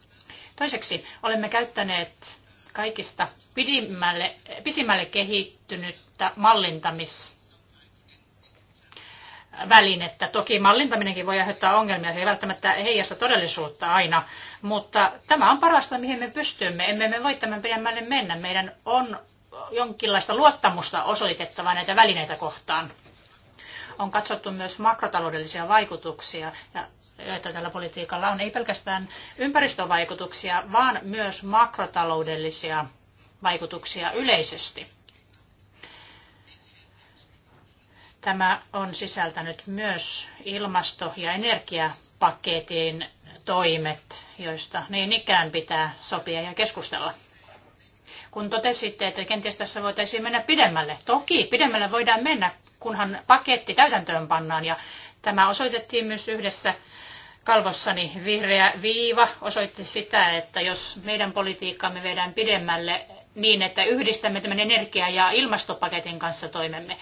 Toiseksi olemme käyttäneet kaikista pidimmälle, pisimmälle kehittynyttä mallintamis välinettä. Toki mallintaminenkin voi aiheuttaa ongelmia, se ei välttämättä heijasta todellisuutta aina, mutta tämä on parasta, mihin me pystymme. Emme me voi tämän pidemmälle mennä. Meidän on jonkinlaista luottamusta osoitettava näitä välineitä kohtaan. On katsottu myös makrotaloudellisia vaikutuksia, joita tällä politiikalla on, ei pelkästään ympäristövaikutuksia, vaan myös makrotaloudellisia vaikutuksia yleisesti Tämä on sisältänyt myös ilmasto- ja energiapaketin toimet, joista niin ikään pitää sopia ja keskustella. Kun totesitte, että kenties tässä voitaisiin mennä pidemmälle. Toki pidemmälle voidaan mennä, kunhan paketti täytäntöön pannaan. Ja tämä osoitettiin myös yhdessä kalvossani vihreä viiva osoitti sitä, että jos meidän politiikkaamme viedään pidemmälle niin, että yhdistämme tämän energia- ja ilmastopaketin kanssa toimemme,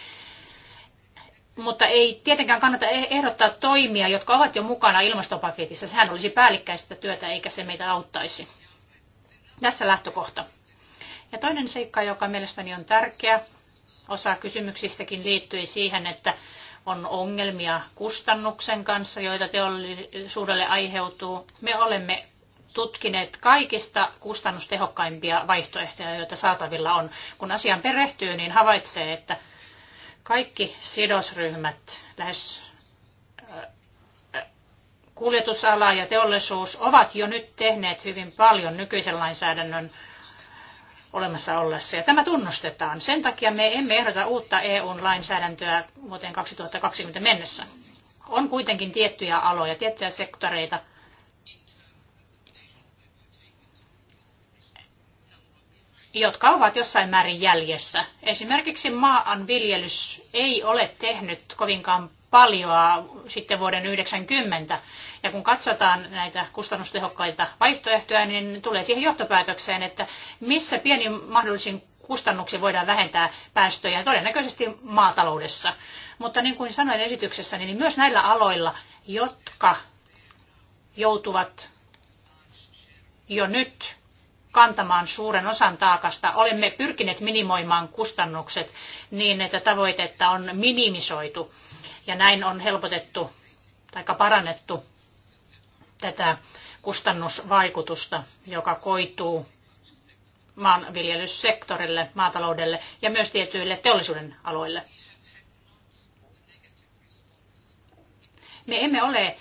mutta ei tietenkään kannata e- ehdottaa toimia, jotka ovat jo mukana ilmastopaketissa. Sehän olisi päällikkäistä työtä, eikä se meitä auttaisi. Tässä lähtökohta. Ja toinen seikka, joka mielestäni on tärkeä, osa kysymyksistäkin liittyi siihen, että on ongelmia kustannuksen kanssa, joita teollisuudelle aiheutuu. Me olemme tutkineet kaikista kustannustehokkaimpia vaihtoehtoja, joita saatavilla on. Kun asiaan perehtyy, niin havaitsee, että kaikki sidosryhmät, lähes äh, äh, kuljetusala ja teollisuus ovat jo nyt tehneet hyvin paljon nykyisen lainsäädännön olemassa ollessa. Ja tämä tunnustetaan. Sen takia me emme ehdota uutta EU-lainsäädäntöä vuoteen 2020 mennessä. On kuitenkin tiettyjä aloja, tiettyjä sektoreita, jotka ovat jossain määrin jäljessä. Esimerkiksi maanviljelys ei ole tehnyt kovinkaan paljoa sitten vuoden 90. Ja kun katsotaan näitä kustannustehokkaita vaihtoehtoja, niin tulee siihen johtopäätökseen, että missä pieni mahdollisin kustannuksi voidaan vähentää päästöjä, todennäköisesti maataloudessa. Mutta niin kuin sanoin esityksessä, niin myös näillä aloilla, jotka joutuvat jo nyt kantamaan suuren osan taakasta. Olemme pyrkineet minimoimaan kustannukset niin, että tavoitetta on minimisoitu ja näin on helpotettu tai parannettu tätä kustannusvaikutusta, joka koituu maanviljelyssektorille, maataloudelle ja myös tietyille teollisuuden aloille. Me emme ole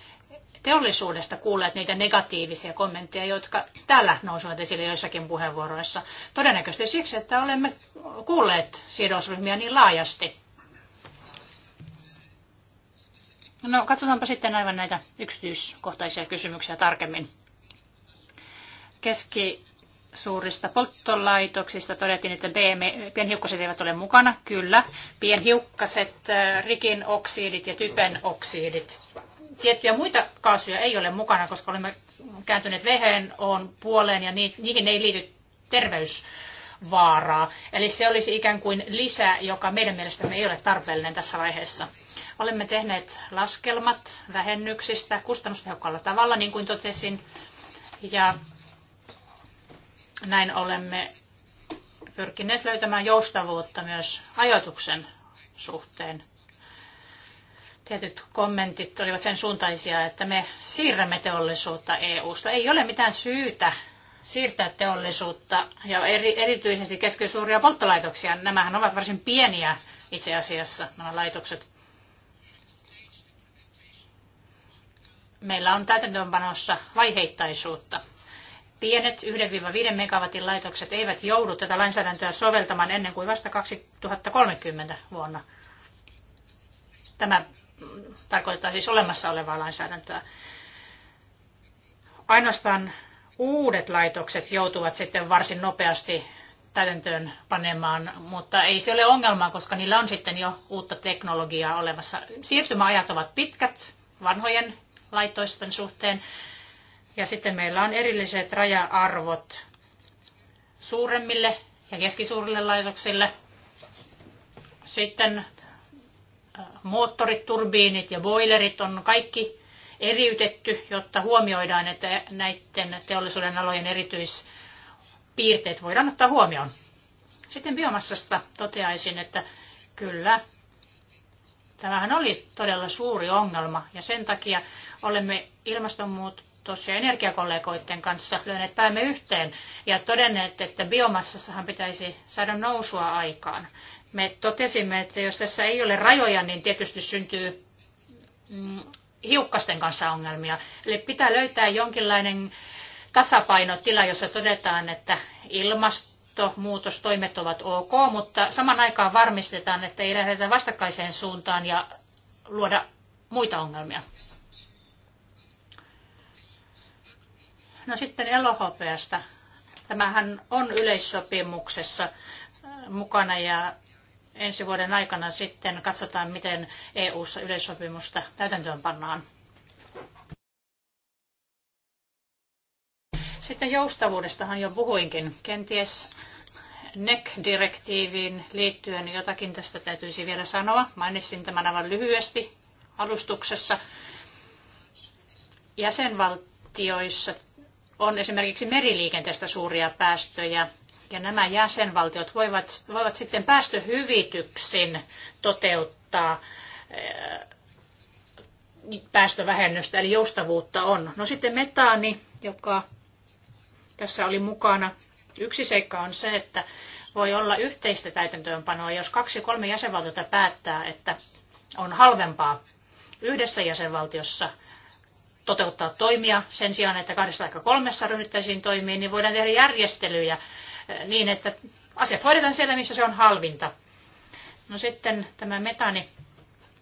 teollisuudesta kuulleet niitä negatiivisia kommentteja, jotka täällä nousivat esille joissakin puheenvuoroissa. Todennäköisesti siksi, että olemme kuulleet sidosryhmiä niin laajasti. No, katsotaanpa sitten aivan näitä yksityiskohtaisia kysymyksiä tarkemmin. Keski suurista polttolaitoksista todettiin, että BM, e, pienhiukkaset eivät ole mukana. Kyllä, pienhiukkaset, äh, rikin oksidit ja typen oksidit tiettyjä muita kaasuja ei ole mukana, koska olemme kääntyneet on puoleen ja niihin ei liity terveysvaaraa. Eli se olisi ikään kuin lisä, joka meidän mielestämme ei ole tarpeellinen tässä vaiheessa. Olemme tehneet laskelmat vähennyksistä kustannustehokkaalla tavalla, niin kuin totesin, ja näin olemme pyrkineet löytämään joustavuutta myös ajoituksen suhteen. Tietyt kommentit olivat sen suuntaisia, että me siirrämme teollisuutta EU-sta. Ei ole mitään syytä siirtää teollisuutta ja eri, erityisesti keskisuuria polttolaitoksia. Nämähän ovat varsin pieniä itse asiassa, nämä laitokset. Meillä on täytäntöönpanossa vaiheittaisuutta. Pienet 1-5 megawatin laitokset eivät joudu tätä lainsäädäntöä soveltamaan ennen kuin vasta 2030 vuonna. Tämä tarkoitetaan siis olemassa olevaa lainsäädäntöä. Ainoastaan uudet laitokset joutuvat sitten varsin nopeasti täytäntöön panemaan, mutta ei se ole ongelma, koska niillä on sitten jo uutta teknologiaa olemassa. Siirtymäajat ovat pitkät vanhojen laitoisten suhteen, ja sitten meillä on erilliset raja-arvot suuremmille ja keskisuurille laitoksille. Sitten moottorit, turbiinit ja boilerit on kaikki eriytetty, jotta huomioidaan, että näiden teollisuuden alojen erityispiirteet voidaan ottaa huomioon. Sitten biomassasta toteaisin, että kyllä, tämähän oli todella suuri ongelma ja sen takia olemme ilmastonmuutos- ja energiakollegoiden kanssa löyneet päämme yhteen ja todenneet, että biomassassahan pitäisi saada nousua aikaan. Me totesimme, että jos tässä ei ole rajoja, niin tietysti syntyy mm, hiukkasten kanssa ongelmia. Eli pitää löytää jonkinlainen tasapainotila, jossa todetaan, että ilmastonmuutostoimet ovat ok, mutta saman aikaan varmistetaan, että ei lähdetä vastakkaiseen suuntaan ja luoda muita ongelmia. No sitten elohopeasta. Tämähän on yleissopimuksessa mukana ja ensi vuoden aikana sitten katsotaan, miten EU-ssa yleissopimusta täytäntöön pannaan. Sitten joustavuudestahan jo puhuinkin. Kenties NEC-direktiiviin liittyen jotakin tästä täytyisi vielä sanoa. Mainitsin tämän aivan lyhyesti alustuksessa. Jäsenvaltioissa on esimerkiksi meriliikenteestä suuria päästöjä ja nämä jäsenvaltiot voivat, voivat sitten päästöhyvityksin toteuttaa eh, päästövähennystä, eli joustavuutta on. No sitten metaani, joka tässä oli mukana. Yksi seikka on se, että voi olla yhteistä täytäntöönpanoa, jos kaksi kolme jäsenvaltiota päättää, että on halvempaa yhdessä jäsenvaltiossa toteuttaa toimia sen sijaan, että kahdessa tai kolmessa ryhdyttäisiin toimiin, niin voidaan tehdä järjestelyjä niin, että asiat hoidetaan siellä, missä se on halvinta. No sitten tämä metani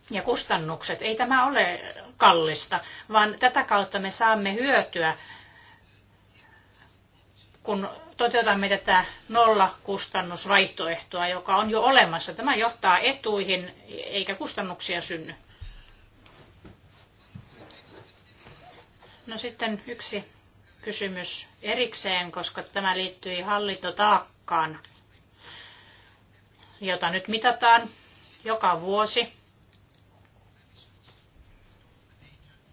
ja kustannukset. Ei tämä ole kallista, vaan tätä kautta me saamme hyötyä, kun toteutamme tätä nollakustannusvaihtoehtoa, joka on jo olemassa. Tämä johtaa etuihin eikä kustannuksia synny. No sitten yksi kysymys erikseen, koska tämä liittyy hallintotaakkaan, jota nyt mitataan joka vuosi.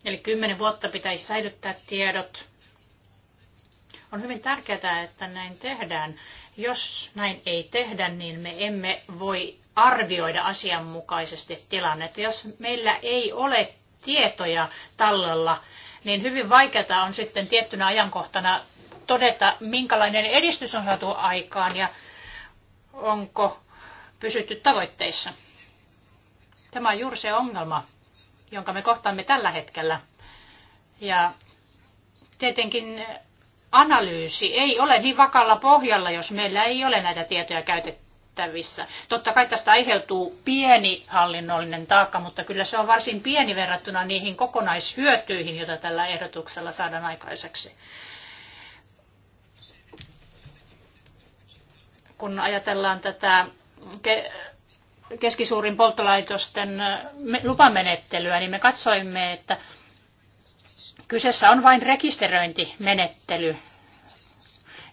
Eli kymmenen vuotta pitäisi säilyttää tiedot. On hyvin tärkeää, että näin tehdään. Jos näin ei tehdä, niin me emme voi arvioida asianmukaisesti tilannetta. Jos meillä ei ole tietoja tallella niin hyvin vaikeaa on sitten tiettynä ajankohtana todeta, minkälainen edistys on saatu aikaan ja onko pysytty tavoitteissa. Tämä on juuri se ongelma, jonka me kohtaamme tällä hetkellä. Ja tietenkin analyysi ei ole niin vakalla pohjalla, jos meillä ei ole näitä tietoja käytettävissä. Totta kai tästä aiheutuu pieni hallinnollinen taakka, mutta kyllä se on varsin pieni verrattuna niihin kokonaishyötyihin, joita tällä ehdotuksella saadaan aikaiseksi. Kun ajatellaan tätä keskisuurin polttolaitosten lupamenettelyä, niin me katsoimme, että kyseessä on vain rekisteröintimenettely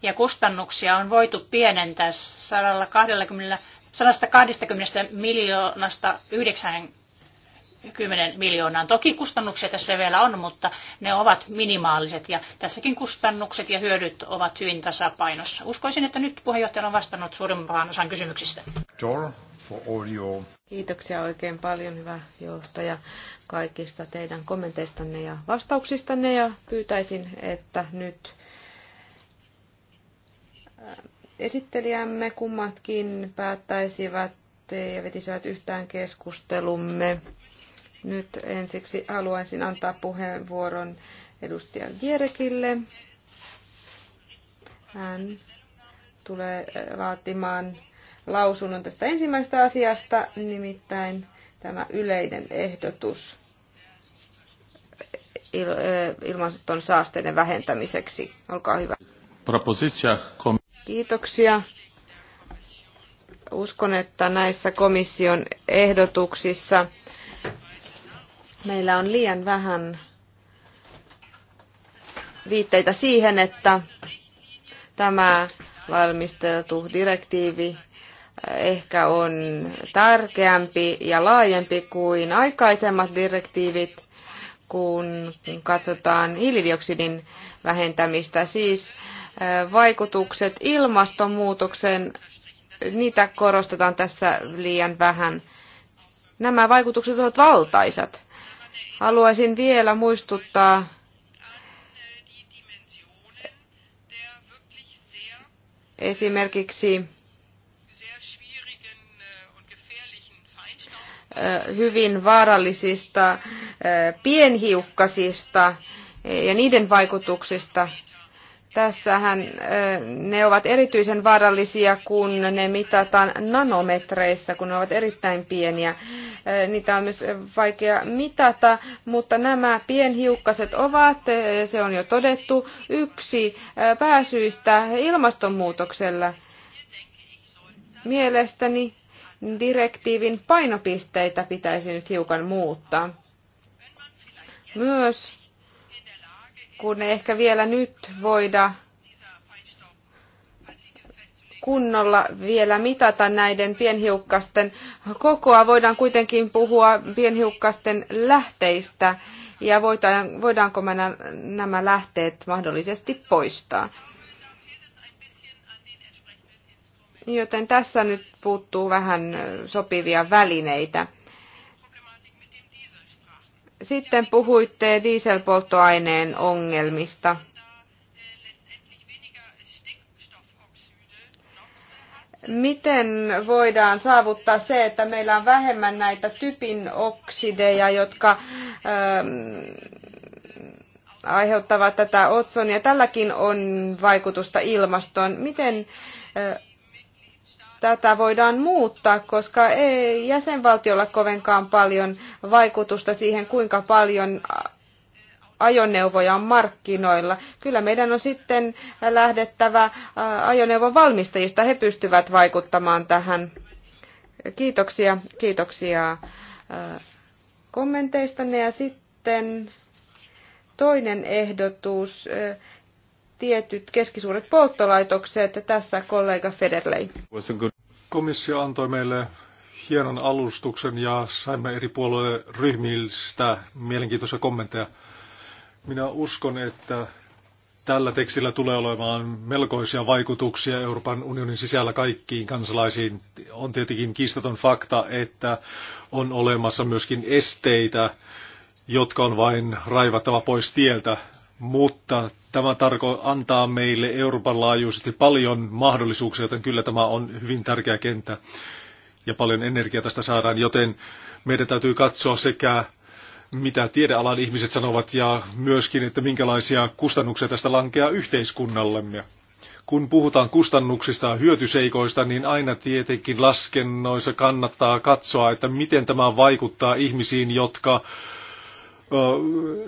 ja kustannuksia on voitu pienentää 120, 120 miljoonasta 90 miljoonaan. Toki kustannuksia tässä vielä on, mutta ne ovat minimaaliset ja tässäkin kustannukset ja hyödyt ovat hyvin tasapainossa. Uskoisin, että nyt puheenjohtaja on vastannut suurimpaan osan kysymyksistä. Kiitoksia oikein paljon, hyvä johtaja, kaikista teidän kommenteistanne ja vastauksistanne ja pyytäisin, että nyt esittelijämme kummatkin päättäisivät ja vetisivät yhtään keskustelumme. Nyt ensiksi haluaisin antaa puheenvuoron edustaja Gierekille. Hän tulee äh, laatimaan lausunnon tästä ensimmäisestä asiasta, nimittäin tämä yleinen ehdotus äh, ilmaston saasteiden vähentämiseksi. Olkaa hyvä. Propositia Kiitoksia. Uskon, että näissä komission ehdotuksissa meillä on liian vähän viitteitä siihen, että tämä valmisteltu direktiivi ehkä on tärkeämpi ja laajempi kuin aikaisemmat direktiivit, kun katsotaan hiilidioksidin vähentämistä. Siis vaikutukset ilmastonmuutokseen, niitä korostetaan tässä liian vähän. Nämä vaikutukset ovat valtaisat. Haluaisin vielä muistuttaa esimerkiksi hyvin vaarallisista pienhiukkasista ja niiden vaikutuksista Tässähän ne ovat erityisen vaarallisia, kun ne mitataan nanometreissä, kun ne ovat erittäin pieniä. Niitä on myös vaikea mitata, mutta nämä pienhiukkaset ovat, se on jo todettu, yksi pääsyistä ilmastonmuutoksella. Mielestäni direktiivin painopisteitä pitäisi nyt hiukan muuttaa. Myös kun ne ehkä vielä nyt voida kunnolla vielä mitata näiden pienhiukkasten kokoa. Voidaan kuitenkin puhua pienhiukkasten lähteistä ja voidaanko me nämä lähteet mahdollisesti poistaa. Joten tässä nyt puuttuu vähän sopivia välineitä. Sitten puhuitte dieselpolttoaineen ongelmista. Miten voidaan saavuttaa se, että meillä on vähemmän näitä typin oksideja, jotka ähm, aiheuttavat tätä otsonia? Tälläkin on vaikutusta ilmastoon. Miten äh, tätä voidaan muuttaa, koska ei jäsenvaltiolla kovinkaan paljon vaikutusta siihen, kuinka paljon ajoneuvoja on markkinoilla. Kyllä meidän on sitten lähdettävä ajoneuvon valmistajista. He pystyvät vaikuttamaan tähän. Kiitoksia, kiitoksia kommenteistanne ja sitten toinen ehdotus tietyt keskisuuret polttolaitokset. Tässä kollega Federley. Komissio antoi meille hienon alustuksen ja saimme eri puolueiden ryhmistä mielenkiintoisia kommentteja. Minä uskon, että tällä tekstillä tulee olemaan melkoisia vaikutuksia Euroopan unionin sisällä kaikkiin kansalaisiin. On tietenkin kiistaton fakta, että on olemassa myöskin esteitä, jotka on vain raivattava pois tieltä mutta tämä tarko antaa meille Euroopan laajuisesti paljon mahdollisuuksia, joten kyllä tämä on hyvin tärkeä kenttä ja paljon energiaa tästä saadaan, joten meidän täytyy katsoa sekä mitä tiedealan ihmiset sanovat ja myöskin, että minkälaisia kustannuksia tästä lankeaa yhteiskunnallemme. Kun puhutaan kustannuksista ja hyötyseikoista, niin aina tietenkin laskennoissa kannattaa katsoa, että miten tämä vaikuttaa ihmisiin, jotka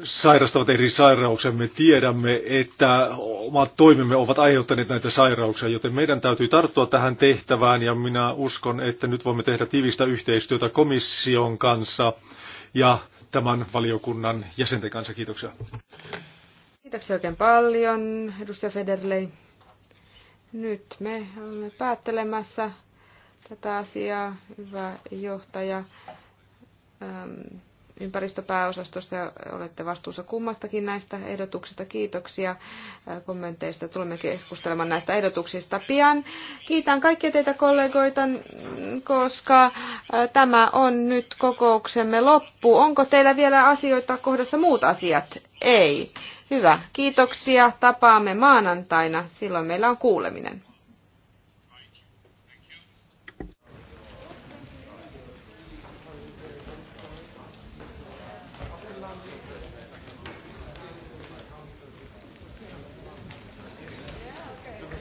sairastavat eri sairauksia. Me tiedämme, että omat toimimme ovat aiheuttaneet näitä sairauksia, joten meidän täytyy tarttua tähän tehtävään ja minä uskon, että nyt voimme tehdä tiivistä yhteistyötä komission kanssa ja tämän valiokunnan jäsenten kanssa. Kiitoksia. Kiitoksia oikein paljon, edustaja Federley. Nyt me olemme päättelemässä tätä asiaa, hyvä johtaja. Ähm ympäristöpääosastosta ja olette vastuussa kummastakin näistä ehdotuksista. Kiitoksia kommenteista. Tulemme keskustelemaan näistä ehdotuksista pian. Kiitän kaikkia teitä kollegoita, koska tämä on nyt kokouksemme loppu. Onko teillä vielä asioita kohdassa muut asiat? Ei. Hyvä. Kiitoksia. Tapaamme maanantaina. Silloin meillä on kuuleminen.